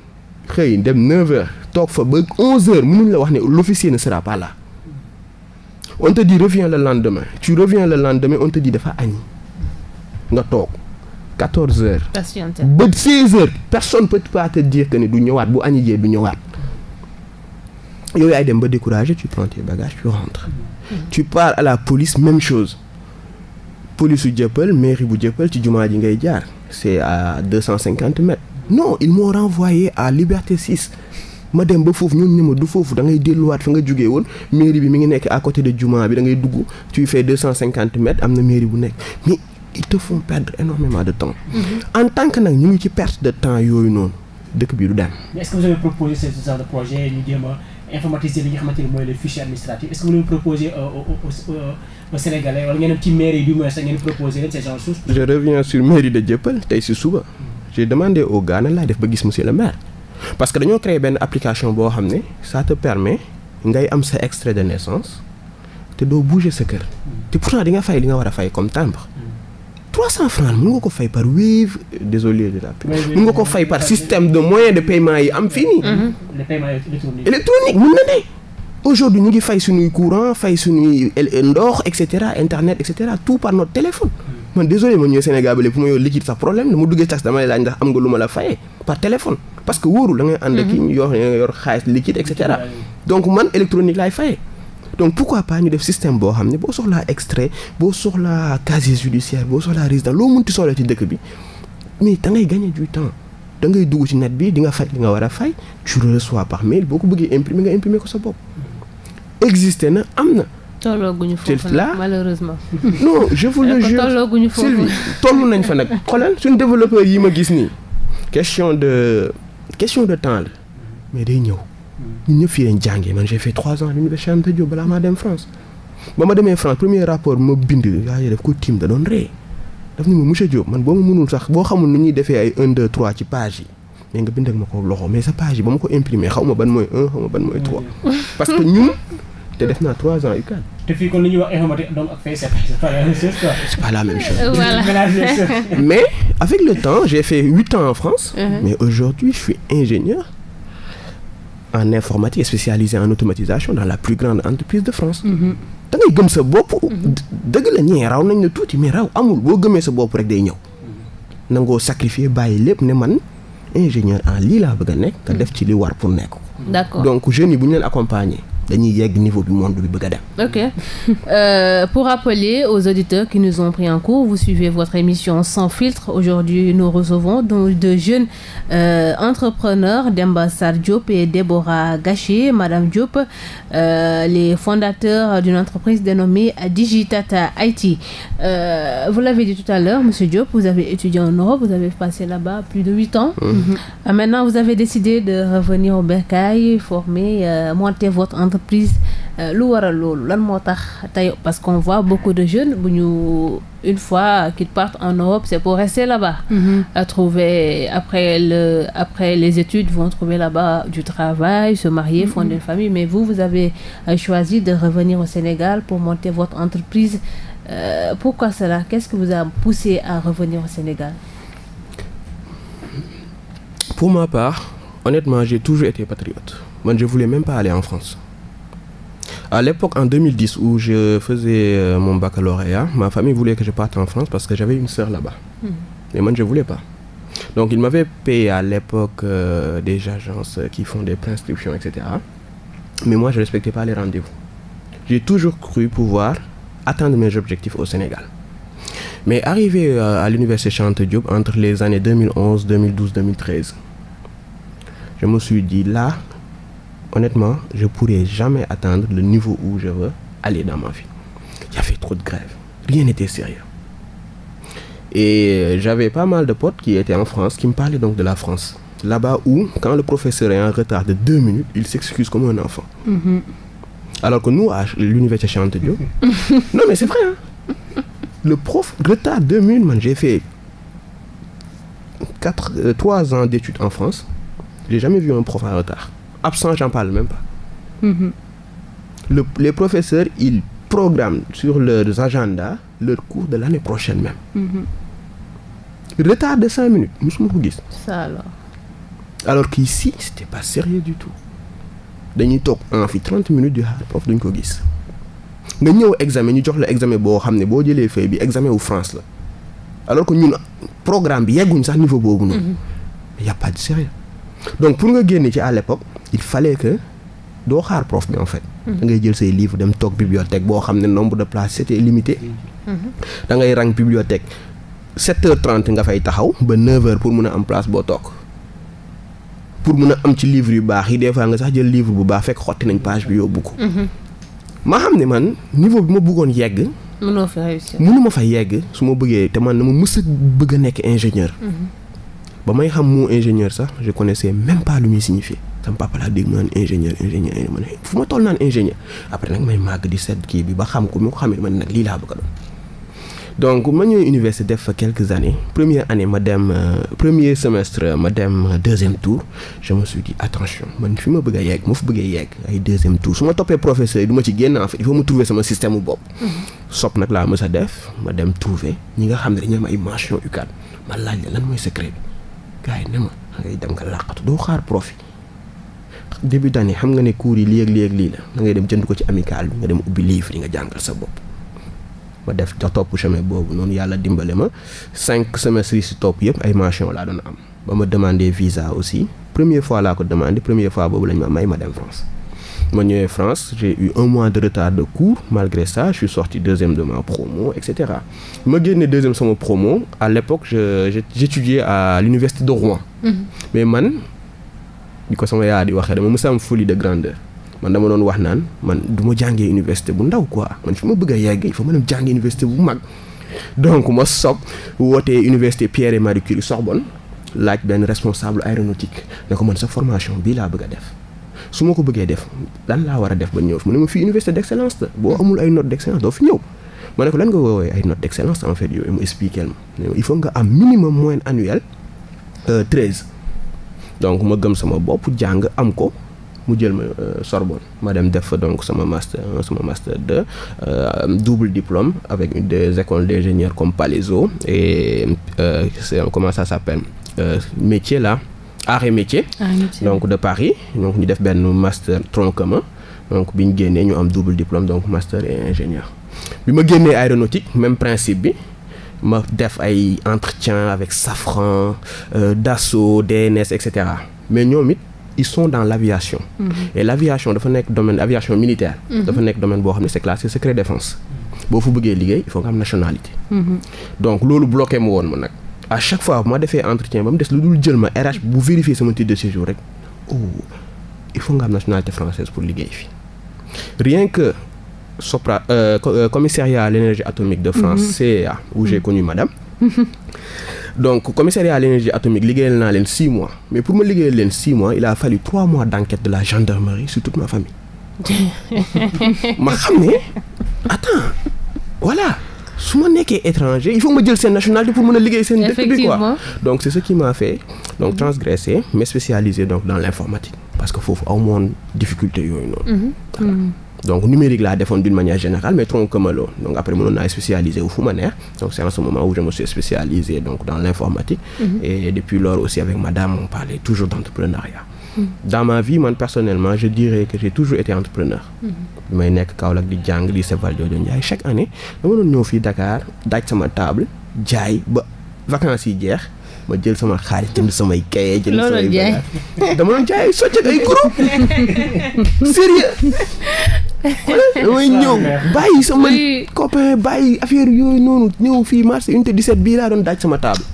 xëy dem 9h toog fa ba 11h mënuñ la wax ni l'officier ne sera pas là le lendemain tu reviens le lendemain on te dit dafa nga toog 14h. ba 16h personne peut pas du ñëwaat bu añi jee du ñëwaat yow yaay dem ba découragé mm-hmm. à la police même chose. police su jëppal mairie bu jëppal ci jumaa ji ngay jaar c'est à 250 mètres. non ils m'ont renvoyé à Liberté 6 ma dem ba foofu ñoom ñu ma du foofu da ngay delluwaat fa nga jógee woon mairie bi mi ngi nekk à côté de jumaa bi da ngay dugg tu fais deux cent am na mairie bu nekk mais ils te font perdre énormément de temps. Mm-hmm. en tant que nag ñu ngi ci perte de temps yooyu noonu dëkk bi du daan. mais est-ce que vous avez proposé ce genre ñu jéem a informatiser li nga xamante euh, euh, ngeen dem ci mairie du moins ngeen proposé leen ce genre de choses. mairie de Dieuppeul j'ai demandé au gars nan laay def ba gis monsieur le maire parce que dañoo créer benn application boo xam ne ça te permet ngay am sa extrait de naissance te doo bouger sa kër te pourtant di nga fay li nga war a fay comme timbre 300 francs mën nga ko fay par Wave désolé de la pub mën nga ko fay par système de moyen de paiement yi am fii mm-hmm. nii électronique mën na ne aujourd'hui ñu ngi fay suñuy courant fay suñuy ndox et cetera internet et cetera tout par notre téléphone man désolé man ñooy Sénégal bi fu ma yor liquide sax problème la mu duggee tax dama lay laaj ndax am nga lu ma la fayee par téléphone parce que wóorul la ngay ànd ak ñu mhm. yor yor xaalis liquide et cetera donc man électronique laay fayee donc pourquoi pas ñu def système boo xam ne boo soxlaa extrait boo soxlaa casier judiciaire boo soxlaa résident loo ti soxla ci dëkk bi mais da ngay gagner du temps da ngay dugg ci net bi di nga fay li nga war a fay tu le reçois par boo ko bëggee imprimer nga imprimer ko sa bopp existé na am na tollooguñu foofu nag malheureusement. non je vous nañ fa nag xoolal suñu développeur yi ma gis nii question de question de temps la mais day ñëw. ñun ñëpp fii lañ jàngee man j'ai fait trois ans à l'université Anta Diop balaa maa dem France ba ma demee France premier rapport ma bind yaa ngi def ko tiim da doon ree daf ni ma monsieur Diop man boo ma mënul sax boo xamul ni ñuy defee ay un deux trois ci page yi mais nga bind ak ma ko loxo mais sa page yi ba ma ko imprimer xaw ma ban mooy un xaw ma ban mooy trois parce te def naa trois ans UCAD. te ñuy wax informatique donc ak euh, mais avec le temps j'ai fait huit ans en France. Mm -hmm. mais aujourd'hui je suis ingénieur en informatique et en automatisation dans la plus grande entreprise de France. Uh-huh. da gëm sa bopp. Uh-huh. dëgg la ñee raw nañ la tuuti mais raw amul boo gëmee sa bopp rek day ñëw. nangoo sacrifier bàyyi lépp ne man ingénieur en lii laa bëgg a nekk. nga def ci li war pour nekk. d'accord donc jeunes yi bu ñu leen accompagner. dañuy niveau bi euh, pour rappeler aux auditeurs qui nous ont pris en cours vous suivez votre émission sans filtre aujourd'hui nous recevons donc deux jeunes euh, entrepreneurs Demba Sar Diop et Déborah Gaché Madame Diop euh, les fondateurs d'une entreprise dénommée Digitata IT euh, vous l'avez dit tout à l'heure Monsieur Diop vous avez étudié en Europe vous avez passé là-bas plus de huit ans. Mhm. maintenant vous avez décidé de revenir au bercail former monter votre entreprise euh, lu waral loolu lan moo tax tey parce qu'on voit beaucoup de jeunes bu ñu une fois qu'ils partent en Europe c'est pour rester là-bas mm -hmm. à trouver après le après les études vont trouver là-bas du travail se marier mm -hmm. fonder une famille mais vous vous avez euh, choisi de revenir au Sénégal pour monter votre entreprise euh, pourquoi cela qu'est-ce qui vous a poussé à revenir au Sénégal pour ma part honnêtement j'ai toujours été patriote man je voulais même pas aller en France À l'époque, en 2010, où je faisais euh, mon baccalauréat, ma famille voulait que je parte en France parce que j'avais une sœur là-bas. Mmh. Mais moi, je ne voulais pas. Donc, ils payé à l'époque euh, des agences euh, qui font des prescriptions, etc. Mais moi, je ne respectais pas les rendez-vous. J'ai toujours cru pouvoir atteindre mes objectifs au Sénégal. Mais arrivé à, à l'université Chante Diop entre les années 2011, 2012, 2013, je me suis dit là, je pourrais jamais atteindre le niveau où je veux aller dans ma vie il y avait trop de grèves rien n'était sérieux et euh, j'avais pas mal de potes qui étaient en France qui me parlaient donc de la France là-bas où quand le professeur est en retard de deux minutes il s'excuse comme un enfant mhm. alors que nous à l'université Cheikh Anta Diop non mais c'est vrai le prof retard deux minutes j'ai fait euh, trois ans d'études en France j'ai jamais vu un prof en retard absent, j'en parle même pas. Mmh. Le, les professeurs, programme programment sur leurs agendas leurs cours de l'année prochaine même. Mm-hmm. Retard de 5 minutes, mosuma ko gis. alors. alors que ici c'était pas sérieux du tout dañuy toog en fi 30 minutes di xaar prof duñ ko gis nga ñëw examen ñu jox la examen boo xam ne boo jëlee feuille bi examen wu France la alors que ñun programme bi yegguñ sax niveau boobu noonu. Mm-hmm. y pas de sérieux donc pour nga génne ci à l'époque il fallait que doo xaar prof bi en fait. Mhm. da jël say livre dem toog bibliothèque boo xam ne nombre de places c'était limité. Mhm. da ngay rang bibliothèque 7h30 nga fay taxaw ba 9h pour mun a am place boo toog. pour mun a am ci livre yu baax yi des fois nga sax jël livre bu baax fekk xotti nañ page bi yóbbu ko. Mhm. ma xam ne man niveau bi ma bëggoon yegg. mënoo fa ma fa yegg su ma bëggee te man dama ma a bëgg a nekk ingénieur. ba may xam mot ingénieur sa sama papa laa dégg mu naan ingénieur ingénieur fu ma toll naan ingénieur après nag may màgg di seet kii bi ba xam ko mu ko xamee man nag lii laa bëgg ma ñëw def fa quelques années première année ma dem euh, premier semestre ma dem euh, deuxième tour je me suis dit attention man fi ma bëgg a yegg ma bëggee yegg ay deuxième tour su toppee professeur yi ma ci génn en fait il ma trouver sama système mu bopp mm-hmm. nag laa mës a def ma dem trouver ñi nga xam ne dañu am ay mention UCAD ma laaj lan mooy secret bi ne ma ngay dem nga làqatu doo xaar profit début d'année xam nga ne cours yi lii ak lii la da dem jënd ko ci amical bi nga dem ubbi livre yi nga jàngal sa bopp ma def ca topp chemin boobu noonu yàlla dimbale ma cinq semestres yi si topp yëpp ay mention laa doon am ba ma demandé visa aussi première fois laa ko demande premier fois boobu lañu ma may ma dem France ma ñëwee France j'ai eu un mois de retard de cours malgré ça je suis sorti deuxième de ma promo et cetera ma génne deuxième sama promo à l'époque je j'étudiais à l'université de Rouen mm-hmm. di ko sama yaa di waxee dama mës a am folie de grandeur man dama doon wax naan man du ma jàngee université bu ndaw quoi man fi ma bëgg a yegg il faut ma dem jàngee université bu mag donc ma sob wootee université Pierre et Marie Curie Sorbonne laaj benn responsable aéronautique ne ko man sa formation bii laa bëgg a def su ma ko bëggee def lan laa war a def ba ñëw fi mu ne ma fii université d'excellence la boo amul ay not d'excellence doo fi ñëw ma ne ko lan ay note d'excellence en fait yooyu mu expliqué ma il faut nga am minimum moyenne annuelle 13 euh, donc ma gëm sama bopp jàng am ko mu jël ma euh, Sorbonne ma dem def fa donc sama master sama master 2 euh, double diplôme avec une des écoles d'ingénieurs comme Palaiseau et euh, c'est comment ça s'appelle métier la art et métier donc de Paris donc ñu def benn master tronc commun donc bi ñu génnee ñu am double diplome donc master et ingénieur bi ma génnee aéronautique même principe bi ma def ay entretien avec Safran euh, Dassault DNS et cetera mais ñoom it ils sont dans l'aviation mm-hmm. et l'aviation dafa nekk domaine aviation militaire mm-hmm. dafa nekk domaine boo xam ne c'est classé secret défense boo fu bëggee liggéey il faut nga am nationalité mm-hmm. donc loolu bloqué mu woon ma nag à chaque fois bu ma defee entretien ba mu des lu dul jël ma RH bu vérifier sama titre de séjour rek oh il faut nga am nationalité française pour liggéey fi rien que Sopra euh, euh, commissariat à l'énergie atomique de France mm -hmm. CEA où j'ai mm-hmm. connu madame mm-hmm. donc commissariat à l'énergie atomique liggéeyal naa leen six mois mais pour ma liggéeyal leen six mois il a fallu trois mois d'enquête de la gendarmerie sur toute ma famille ma xam ne attends voilà su ma nekkee étranger il faut ma jël seen nationalité pour mën a liggéey seen dëkk bi quoi donc c'est ce qui m'a fait donc mm-hmm. transgresser me spécialiser donc dans l'informatique parce que foofu aw moon difficulté yooyu noonu donc numérique laa defoon d'une manière générale mais tronc commun la donc après mënoon naa spécialisé wu fu ma neex donc c'est en ce moment où je me suis spécialisé donc dans l'informatique mm -hmm. ma vie man personnellement je dirais que j'ai mhm. nekk Kaolack di jàng di Cheval Diodion Ndiaye chaque année dama doon ñëw fii Dakar sama table jaay ba vacances yi jeex ma jël sama xaalis jënd samay kaye jënd samay dama doon jaay soccet ay groupe sérieux damay ñëw bàyyi sama copain bàyyi affaire yooyu noonu ñëw fii marché unité 17 bii laa doon daaj sama table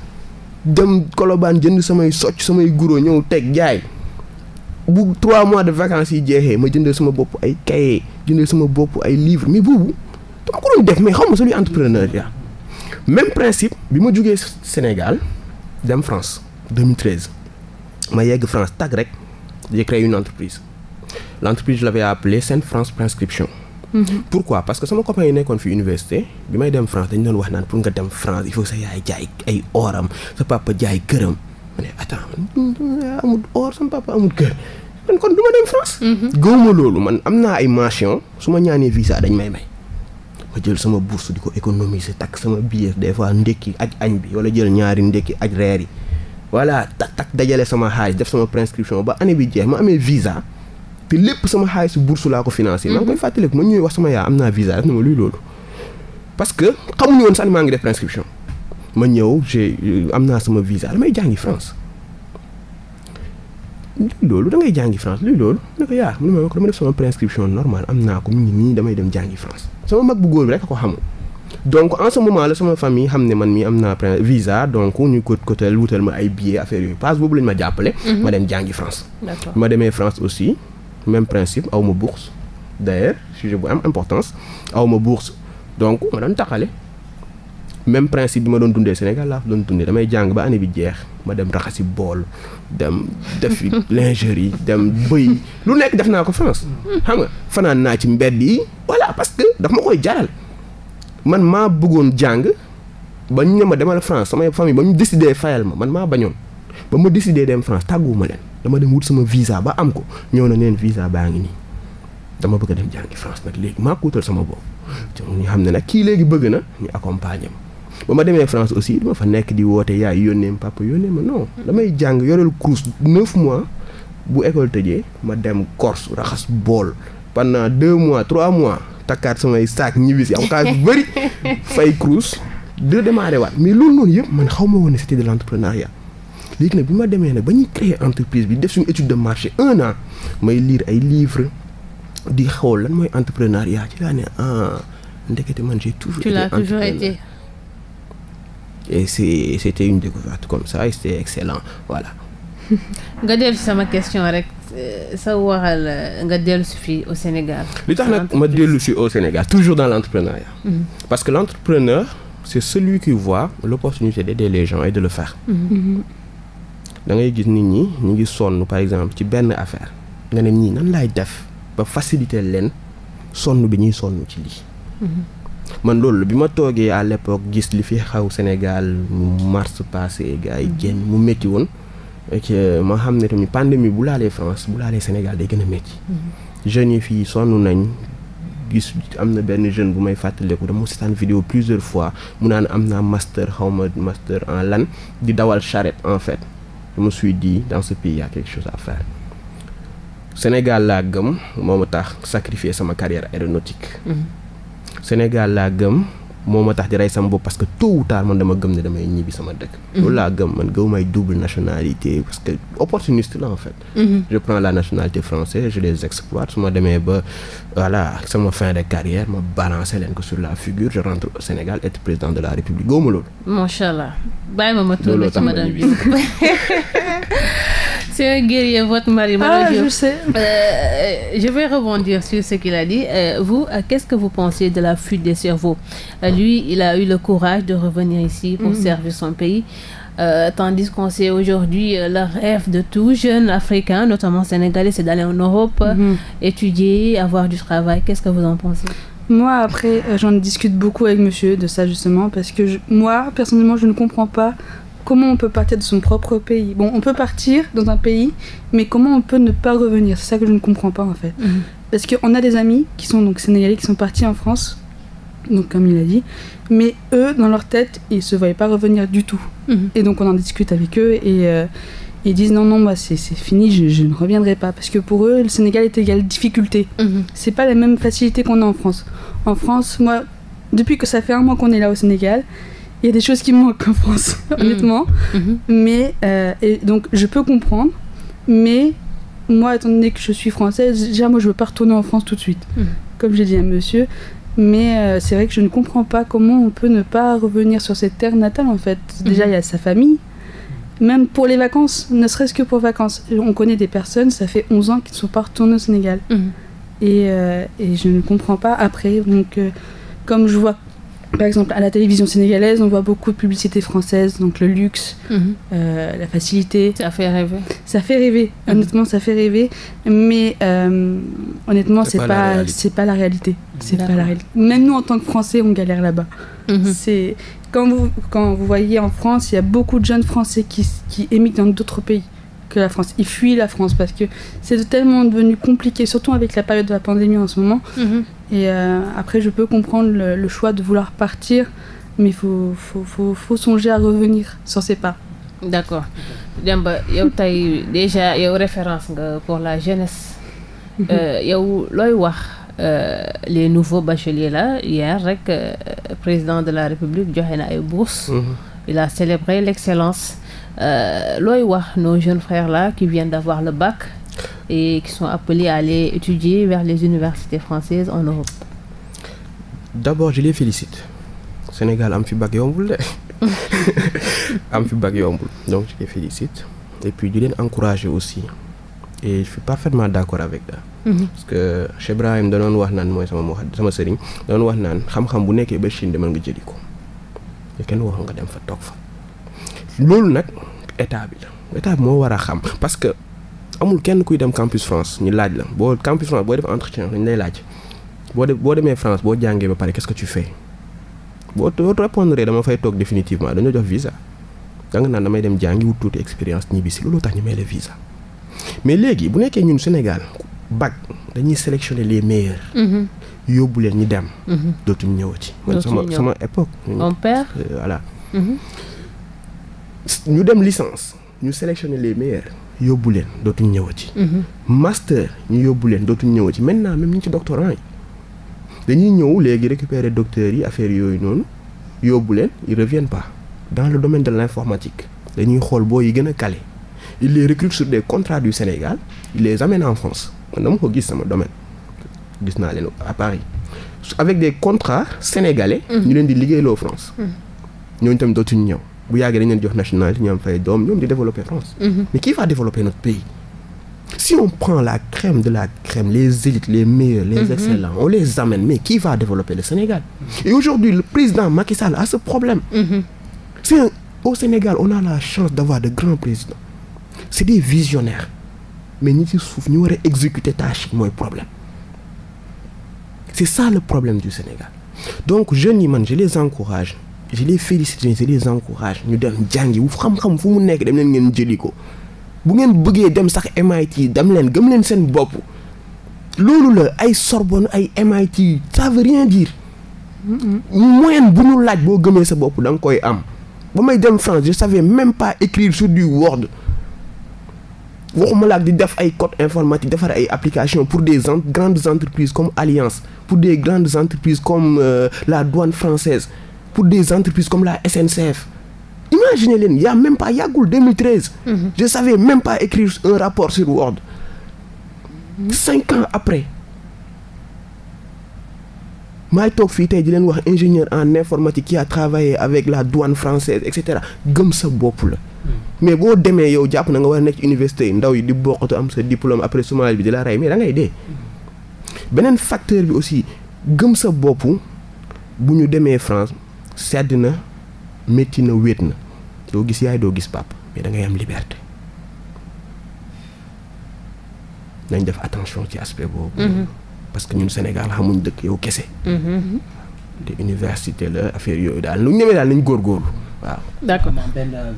dem kolobaan jënd samay socc samay guro ñëw teg jaay bu trois mois de vacances yi jeexee ma jëndal sama bopp ay cahier jëndal sama bopp ay livre mais boobu dama ko doon def mais xaw ma sax luy entrepreneuriat même principe bi ma jugee Sénégal dem France 2013 ma yegg France tag rek j'ai créé une entreprise l'entreprise je l'avais appelé Sen France Prescription Mm pourquoi parce que sama copain yi nekkoon fi université bi may dem France dañu doon wax naan pour nga dem France il faut sa yaay jaay ay oram sa papa jaay këram ma ne attends amul or sama papa amul kër man kon du ma dem France mhm. gëwma loolu man am naa ay mention su ma ñaanee visa dañ may may ma jël sama bourse di ko économiser takk sama billet des fois ndékki ak añ bi wala jël ñaari ndékki ak reer yi voilà tak tak dajale sama xaalis def sama prescription ba année bi jeex ma amee visa te lépp sama xaalisu bourse laa ko financé. Mhm. maa ngi koy fàttaliku ma ñuy wax sama yaa am naa visa parce que xamuñu woon sax maa ngi def ma ñëw j'ai euh, am naa sama visa damay jàngi France. luy loolu da ngay jàngi France luy loolu ne ko yaa man ma ko dama def sama prescription normale am naa ko mu ngi nii damay dem jàngi France sama mag bu góor bi rek a ko xamul. donc en ce moment la sama famille xam ne man mi am naa visa donc ñu ko kotal wutal ma ay billets affaire yooyu passe boobu lañ ma jàppale. Mhm. ma demee France même principe aw ma bourse d'ailleurs sujet bu am importance aw ma bourse donc ma doon taxale même principe bi ma doon dundee Sénégal laa doon dundee damay jàng ba année jeex ma dem raxasi bool dem defi lingerie dem bëy lu nekk def naa ko France xam fanaan naa ci mbedd yi voilà parce que daf ma koy jaral man maa bëggoon jàng ba ñu ne ma demal France sama famille ba ñu décidé fayal ma man maa bañoon ba ma décidé dem France tàgguwuma leen dama dem wut sama visa ba am ko ñëw na leen visa baa ngi nii dama bëgg dem jàngi France nag léegi maa kuutal sama bopp ñu xam ne nag kii léegi bëgg na ñu accompagner ma ba ma demee France aussi dama fa nekk di woote yaay yónnee ma papa yónnee ma non damay jàng yoreel course neuf mois bu école tëjee ma dem Corse raxas bool pendant deux mois trois mois takkaat samay saak ñibbi si am xaalis bu fay course da démarrer waat mais loolu noonu yëpp man xaw ma woon ne c'était de léegi nag bi ma demee nag ba ñu créer entreprise bi def suñu étude de marché un an may liir ay livres di xool lan mooy entrepreneuriat ci laa ne ah ndekete man j'ai toujours. tu l'as toujours été. et c'est c'était une découverte comme ça et voilà. nga dellu sama question rek euh, sa waral euh, nga dellu si fii au Sénégal. li tax nag ma dellu si au Sénégal toujours dans l'entrepreneuriat. Mhm. parce que l'entrepreneur c'est celui qui voit l'opportunité d'aider les gens et de le faire. Mhm. Mhm. da ngay gis nit ñi ñu ngi sonn par exemple ci benn affaire nga ne ñii nan laay def ba faciliter leen sonn bi ñuy sonn ci lii. Mm-hmm. man loolu bi ma toogee à l'époque gis li fi xaw Sénégal mu mars passé gars yi génn mu métti woon ma xam ne tamit pandémie bu laalee France bu laalee Sénégal day gën a métti. Mm-hmm. jeunes yi fii sonn nañ gis am na benn jeune bu may fàttaliku dama seetaan vidéo plusieurs fois mu naan am naa master xaw ma master en lan di dawal charrette en fait. je me suis dit dans ce a Sénégal laa gëm moo ma tax sacrifier sama carrière aéronautique. Mm-hmm. Sénégal laa gëm. moo ma tax di rey sama bopp parce que tôt ou tard man dama gëm ne damay ñibbi sama dëkk. Mhm. loolu laa gëm man gëw may double nationalité parce que opportuniste la en fait. Mhm. je prends la nationalité française je les exploite su ma demee ba voilà sama fin de carrière ma balancer leen ko sur la figure je rentre au Sénégal être président de la République gëw ma loolu. bàyyi ma ma tudd ci madame Diouf c'est un guerrier votre mari. Ah, je sais. Euh, je vais rebondir sur ce qu'il a dit. Euh, vous, euh, qu'est-ce que vous pensez de la fuite des cerveaux euh, Lui, il a eu le courage de revenir ici pour mmh. servir son pays. Euh, tandis qu'on sait aujourd'hui euh, le rêve de tout jeune africain, notamment sénégalais, c'est d'aller en Europe, mmh. étudier, avoir du travail. Qu'est-ce que vous en pensez moi, après, j'en discute beaucoup avec monsieur de ça, justement, parce que je, moi, personnellement, je ne comprends pas comment on peut partir de son propre pays on peut partir dans un pays, mais comment on peut ne pas revenir C'est ça que je ne comprends pas en fait. Mm -hmm. Parce a des amis qui sont donc sénégalais, qui sont partis en France, donc comme il a dit, mais eux, dans leur tête, ils se voyaient pas revenir du tout. Mhm. Et donc on en discute avec eux et euh, ils disent non, non, c'est fini, je, ne reviendrai pas. Parce que pour eux, le Sénégal est égal difficulté. Mhm. C'est pas la il y a des choses qui manquent en France, honnêtement. Mm. Mm-hmm. Mais, euh, et donc, je peux comprendre, mais moi, étant que je suis française, déjà, je veux pas retourner en France tout de suite, mmh. comme j'ai dit à monsieur. Mais euh, c'est vrai que je ne comprends pas comment on peut ne pas revenir sur cette terre natale, en fait. Mm-hmm. Déjà, il y a sa famille. Même pour les vacances, ne serait-ce que pour vacances. On connaît des personnes, ça fait 11 ans qu'ils ne sont pas retournés par exemple, à la télévision sénégalaise, on voit beaucoup de publicités françaises, donc le luxe, mhm. euh, la facilité. Ça fait rêver. Mais honnêtement, c'est pas, la réalité. C'est pas la réalité. Même nous, en tant que Français, on galère là-bas. Mhm. C'est quand vous voyez en France, il y a beaucoup de jeunes Français qui, qui dans d'autres pays. que la France. Ils fuient la France parce que c'est tellement devenu compliqué, surtout avec la période de la pandémie en ce moment. Mm -hmm. Et euh, après, je peux comprendre le, le, choix de vouloir partir, mais il faut, faut, faut, faut, songer à revenir sur ses pas. D'accord. Demba, yow tey déjà yow référence nga pour la jeunesse. Mhm. Euh, yow looy wax euh, les nouveaux bacheliers là hier rek euh, président de la République joxe na ay bourses. Mhm. il a célébré l'excellence Euh, looy wax nos jeunes frères la qui viennent d'avoir le bac et qui sont appelés à aller étudier vers les universités françaises en Europe. d'abord je félicite Sénégal am fi bac yombul de am fi bac yombul donc je les félicite et puis di leen encourager aussi et je suis parfaitement d'accord avec ça. Mm -hmm. parce que Cheikh danoon wax naan mooy sama wax sama sëriñ danoon wax naan xam-xam bu nekkee ba Chine demal nga jëli ko te kenn wax nga dem fa toog fa. loolu nag état bi la état bi moo war a xam parce que amul kenn kuy dem campus France ñu laaj la boo campus France boo def entretien dañu lay laaj boo de boo demee France boo jàngee ba pare qu'est-ce que tu fais boo boo répondre dama fay toog définitivement dañoo jox visa da nga naan damay dem jàngi wut tuuti expérience ñibbi si loolu tax ñu may la visa mais léegi bu nekkee ñun Sénégal bac dañuy sélectionner les meilleurs. Mm-hmm. yóbbu leen ñu dem. Mm-hmm. dootuñu ñëw ci. man sama sama époque. ñu dem licence ñu sélectionner les meilleurs yóbbu leen dootuñ ñëwati. Mhm. master ñu yóbbu leen dootuñ ñëwati maintenant même ñu ci doctorant yi dañuy ñëw léegi récupérer docteurs yi affaire yooyu noonu yóbbu leen ils reviennent pas dans le domaine de l'informatique dañuy xool boo yi gën a calé ils les recrutent sur des contrats du Sénégal ils les amènent en France man dama ko gis sama domaine gis naa leen à Paris avec de contrats sénégalais. Mhm. ñu leen di liggéeyloo France. Mhm. ñooñu tamit dootuñu bu yàggee dañ leen jox nationalité ñu am fay doom ñoom di développer France. Mhm. mais qui va développer notre pays. si on prend la crème de la crème les élites les meilleurs les mmh. excellents on les amène mais qui va développer le Sénégal et aujourd'hui le président Macky Sall a ce problème mhm. c'est au Sénégal on a la chance d'avoir de grands présidents c'est des visionnaires mais ni ci suuf ñu war a exécuter mooy problème c'est ça le problème du Sénégal donc jeunes yi man je les encourage je les félicite je les encourage ñu dem jàngi wu xam-xam fu mu nekk dem leen ngeen jëli ko bu ngeen bëggee dem sax MIT dem leen gëm leen seen bopp loolu la ay Sorbonne ay MIT ça veut rien dire moyen bu ñu laaj boo gëmee sa bopp da koy am ba may dem France je savais même pas écrire sur du Word waxuma laak di def ay code informatique defar ay application pour des grandes entreprises comme Alliance pour des grandes entreprises comme euh, la douane française pour des entreprises comme la SNCF imaginez leen y' a pas yàggul 2013. Mm mhm. je savais même pas écrire un rapport sur Word. cinq ans après maay toog fii tey di leen wax ingénieur en informatique qui a travaillé avec la douane française et cetera gëm sa bopp la. Mhm. mais boo demee yow jàpp na nga war a nekk université yi ndaw yi di bokkatu am sa diplôme après chômage bi di la rey mais da ngay dee. Mhm. beneen facteur bi aussi gëm sa bopp bu ñu demee France. sedd na métti na wéet na doo gis yaay doo gis pàpp mais da ngay am liberté dañ def attention ci aspect boobu. Mm-hmm. parce que ñun Sénégal xamuñ dëkk yow kese. Mm-hmm. te université la affaire yooyu daal lu ñu ñemee daal nañ góorgóorlu. waaw d'accord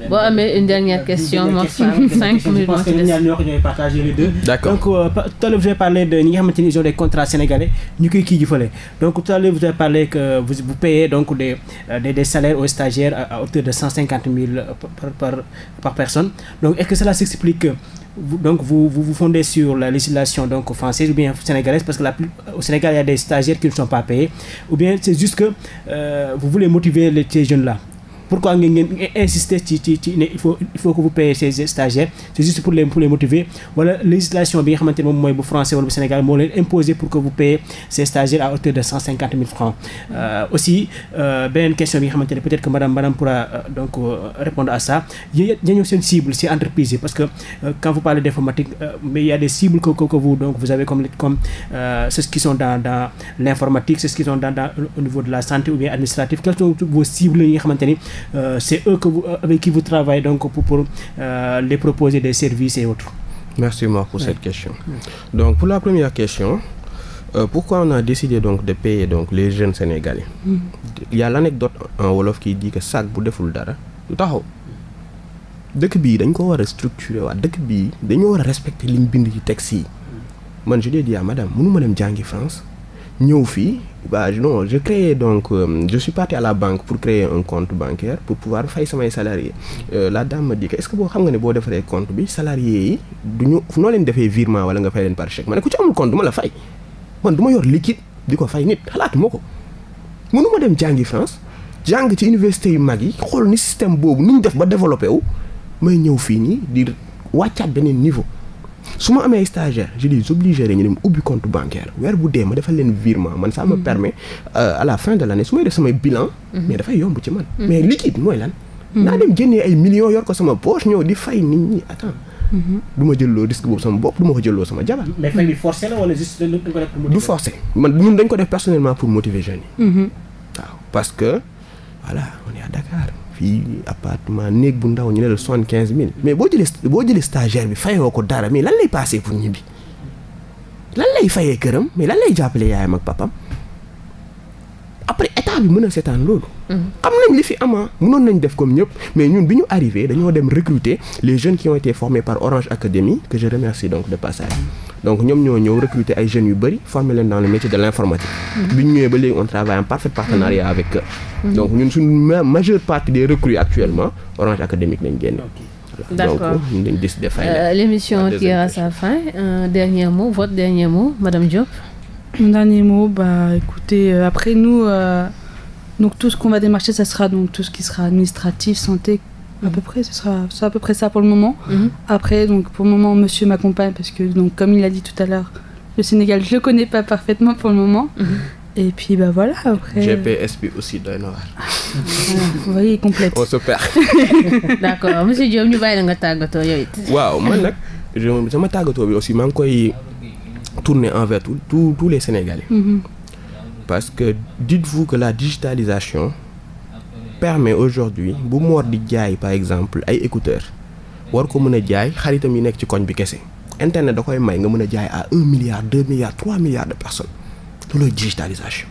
boo amee une dernière question Mor Fam cinq minutes moo ci des donc euh, tout à l'heure vous avez parlé de ñi nga xamante ni des contrats sénégalais ñu koy kii jëfale donc tout à l'heure vous avez parlé que vous payez donc euh, des salaires aux stagiaires à hauteur de cent cinquante mille euh, par par par personne donc est-ce que cela s'explique donc vous fondez sur la législation donc française ou bien sénégalaise parce que la plus, au Sénégal il y a des stagiaires qui ne sont pas payés ou bien c'est juste que vous voulez motiver les jeunes là pourquoi ngeen ngeen insister ci ci ci ne il faut il faut que vous payez ces stagiaires c'est juste pour les pour les motiver wala législation bi nga xamante ne moom mooy bu français wala bu Sénégal moo leen imposer pour que vous payez ces stagiaires à hauteur de francs euh, aussi euh, beneen question bi nga xamante ne peut-être que madame madame pourra euh, donc répondre à ça yéen ñoo seen cible ci entreprise parce que quand vous parlez d'informatique mais il y a que que vous Euh, c'est eux que vous, euh, avec qui vous travaillez donc pour, pour euh, les proposer des services et autres. Merci Marc pour cette question. Ouais. Donc pour la première question, euh, pourquoi on décidé donc de payer donc les jeunes sénégalais. Mm -hmm. Il y a l'anecdote en wolof qui dit que bu deful dara du taxaw dëkk bii dañ ko war a structurer waa dëkk bii dañoo war a respecter liñ bind ci texte yi man je di dit à madame mënu ma dem jàngi France ñëw fii bah non je crée donc euh, je suis parti à la banque pour créer un compte bancaire pour pouvoir fay samay salariés euh, la dame ma dit que est-ce boo xam nga ne boo defaree compte bi salariés yi du ñu noo leen defee virement wala nga fay leen par chèque ma ne ku ci amul compte du la fay man du yor liquide di ko fay nit xalaatu ma ko mënu ma dem jàngi France jàng ci université yu mag yi xool ni système boobu nu ñu def ba développé wu may ñëw fii nii di wàccaat beneen niveau su ma amee stagiaire je les obligerai ñu dem ubbi compte bancaire weer bu dee ma defal leen virement man ça me mhm. permet euh, à la fin de l' année su may def samay bilan mhm. mais dafay yomb ci man mhm. mais liquide mooy lan naa dem jëndee ay millions yor ko sama poche ñëw di fay nit ñi attends du ma jëlloo risque boobu sama bopp du ma ko jëlloo sama jabar. du forcé man ñun dañ ko def personnellement pour motiver jeunes waaw parce que voilà on est à fii appartement néeg bu ndaw ñu ne la soixante quinze mille mais boo jëlee boo jëlee bi fayoo ko dara mais lan lay paasee pour ñibbi lan lay fayee këram mais lan lay jàppale yaayam ak papam après état bi mën a seetaan loolu. Mm-hmm. xam nañ li fi ama mënoon nañ def comme ñëpp mais ñun bi ñu arrivé dañoo dem recruter les jeunes qui ont été formés par Orange Academy que je remercie donc de passage. donc ñoom ñoo ñëw recruter ay jeunes yu bëri former leen dans le métier de l' informatique. Mm-hmm. bi ñu ñëwee ba léegi on travaille en parfait partenariat mm-hmm. avec eux. donc ñun suñu majeure partie des recrues actuellement Orange Académique lañ génne. d' accord donc euh, ñu ngi décider euh, émission tire à sa fin un dernier mot votre dernier Mon dernier mot, écoutez, euh, après nous, euh, tout ce qu'on va démarcher, ça sera donc tout ce qui sera administratif, santé, à peu mhm. près, ce sera, à peu près pour le moment. Mhm. Après, donc pour le moment, monsieur m'accompagne parce que, comme il l'a dit tout à l'heure, le Sénégal, je le connais pas parfaitement pour le moment. Mhm. Et puis voilà après. Euh, GPSP aussi doy na waar. vous voyez complète. on se perd. d'accord monsieur Diop ñu bàyyi la tàggatoo yow tàggatoo bi aussi maa ngi koy. tourner envers tous les tout Mm -hmm. Parce que dites-vous que la digitalisation permet aujourd'hui bu moor di jaay par exemple ay écouteurs war ko mën a jaay xaritam yi nekk ci koñ bi kese internet da koy may nga mën a jaay à un milliard deux milliards trois milliards de personnes loolu digitalisation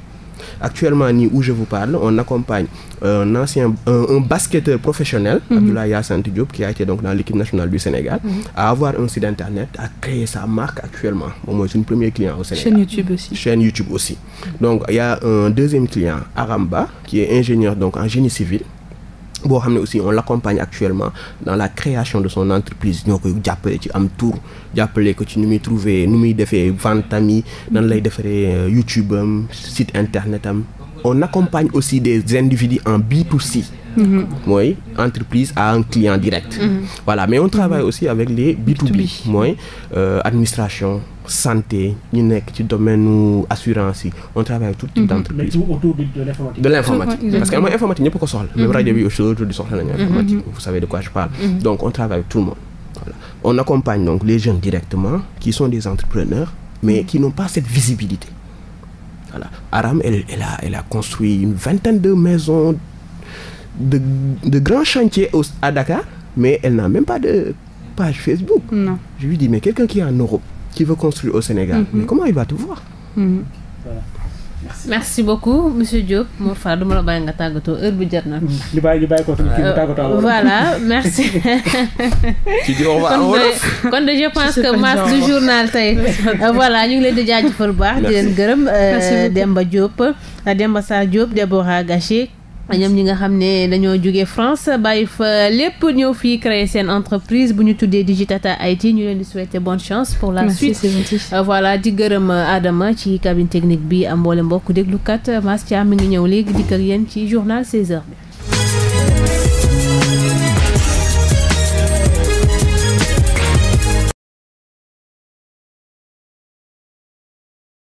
actuellement ni où je vous parle on accompagne un ancien un, un basketteur professionnel mm -hmm. Abdoulaye qui a été donc dans l'équipe nationale du Sénégal mm -hmm. à avoir un site internet à créer sa marque actuellement moom mooy suñu premier client au Sénégal chaîne YouTube aussi donc il y a un deuxième client Aramba qui est ingénieur donc en génie civil boo xam ne aussi on l'accompagne actuellement dans la création de son entreprise ñoo koy jàppale ci am tour jàppale ko ci nu muy trouver nu muy defee vente am nan lay defaree euh, YouTube am site internet am on accompagne aussi des individus en b 2 si mm-hmm. mooy entreprise à un client direct mm-hmm. voilà mais on travaille aussi avec les B2B mooy euh, administration santé ñu nekk ci domaine assurance yi on travaille tout type mm-hmm. d'entreprise de l'informatique parce que mooy informatique ñëpp ko soxla même mm-hmm. rajo bi aujourd'hui soxla mm-hmm. vous savez de quoi je parle donc on travaille tout le monde on accompagne donc les jeunes directement qui sont des entrepreneurs mais qui n'ont pas cette visibilité voilà Aram elle, elle a construit une vingtaine de maisons de de grands chantiers au, à Dakar mais elle n'a même pas qui veut construire au Sénégal. Mm-hmm. comment il va te mm-hmm. Merci. merci monsieur Diop moo fa duma la bàyyi nga tàggatoo heure bu jot na. Mm. ñu bàyyi ñu bàyyi ko tamit kii mu euh, tàggatoo voilà merci. ci di kon de je pense que masse journal tey euh, voilà ñu ngi leen di jaajëfal bu baax. di leen gërëm. Euh, Demba Diop Demba Sarr Diop Déborah Gaché. ñoom ñi nga xam ne dañoo jóge France bàyyi fa lépp ñëw fii créer seen entreprise bu ñu tuddee Digitata IT ñu leen di souhaiter bonne chance pour la suite euh, voilà di gërëm aadama euh, ci cabine technique bi am mboole mbokk déglukat Mass Thiam mi ngi ñëw léegi dikk ak yéen ci journal 16 bi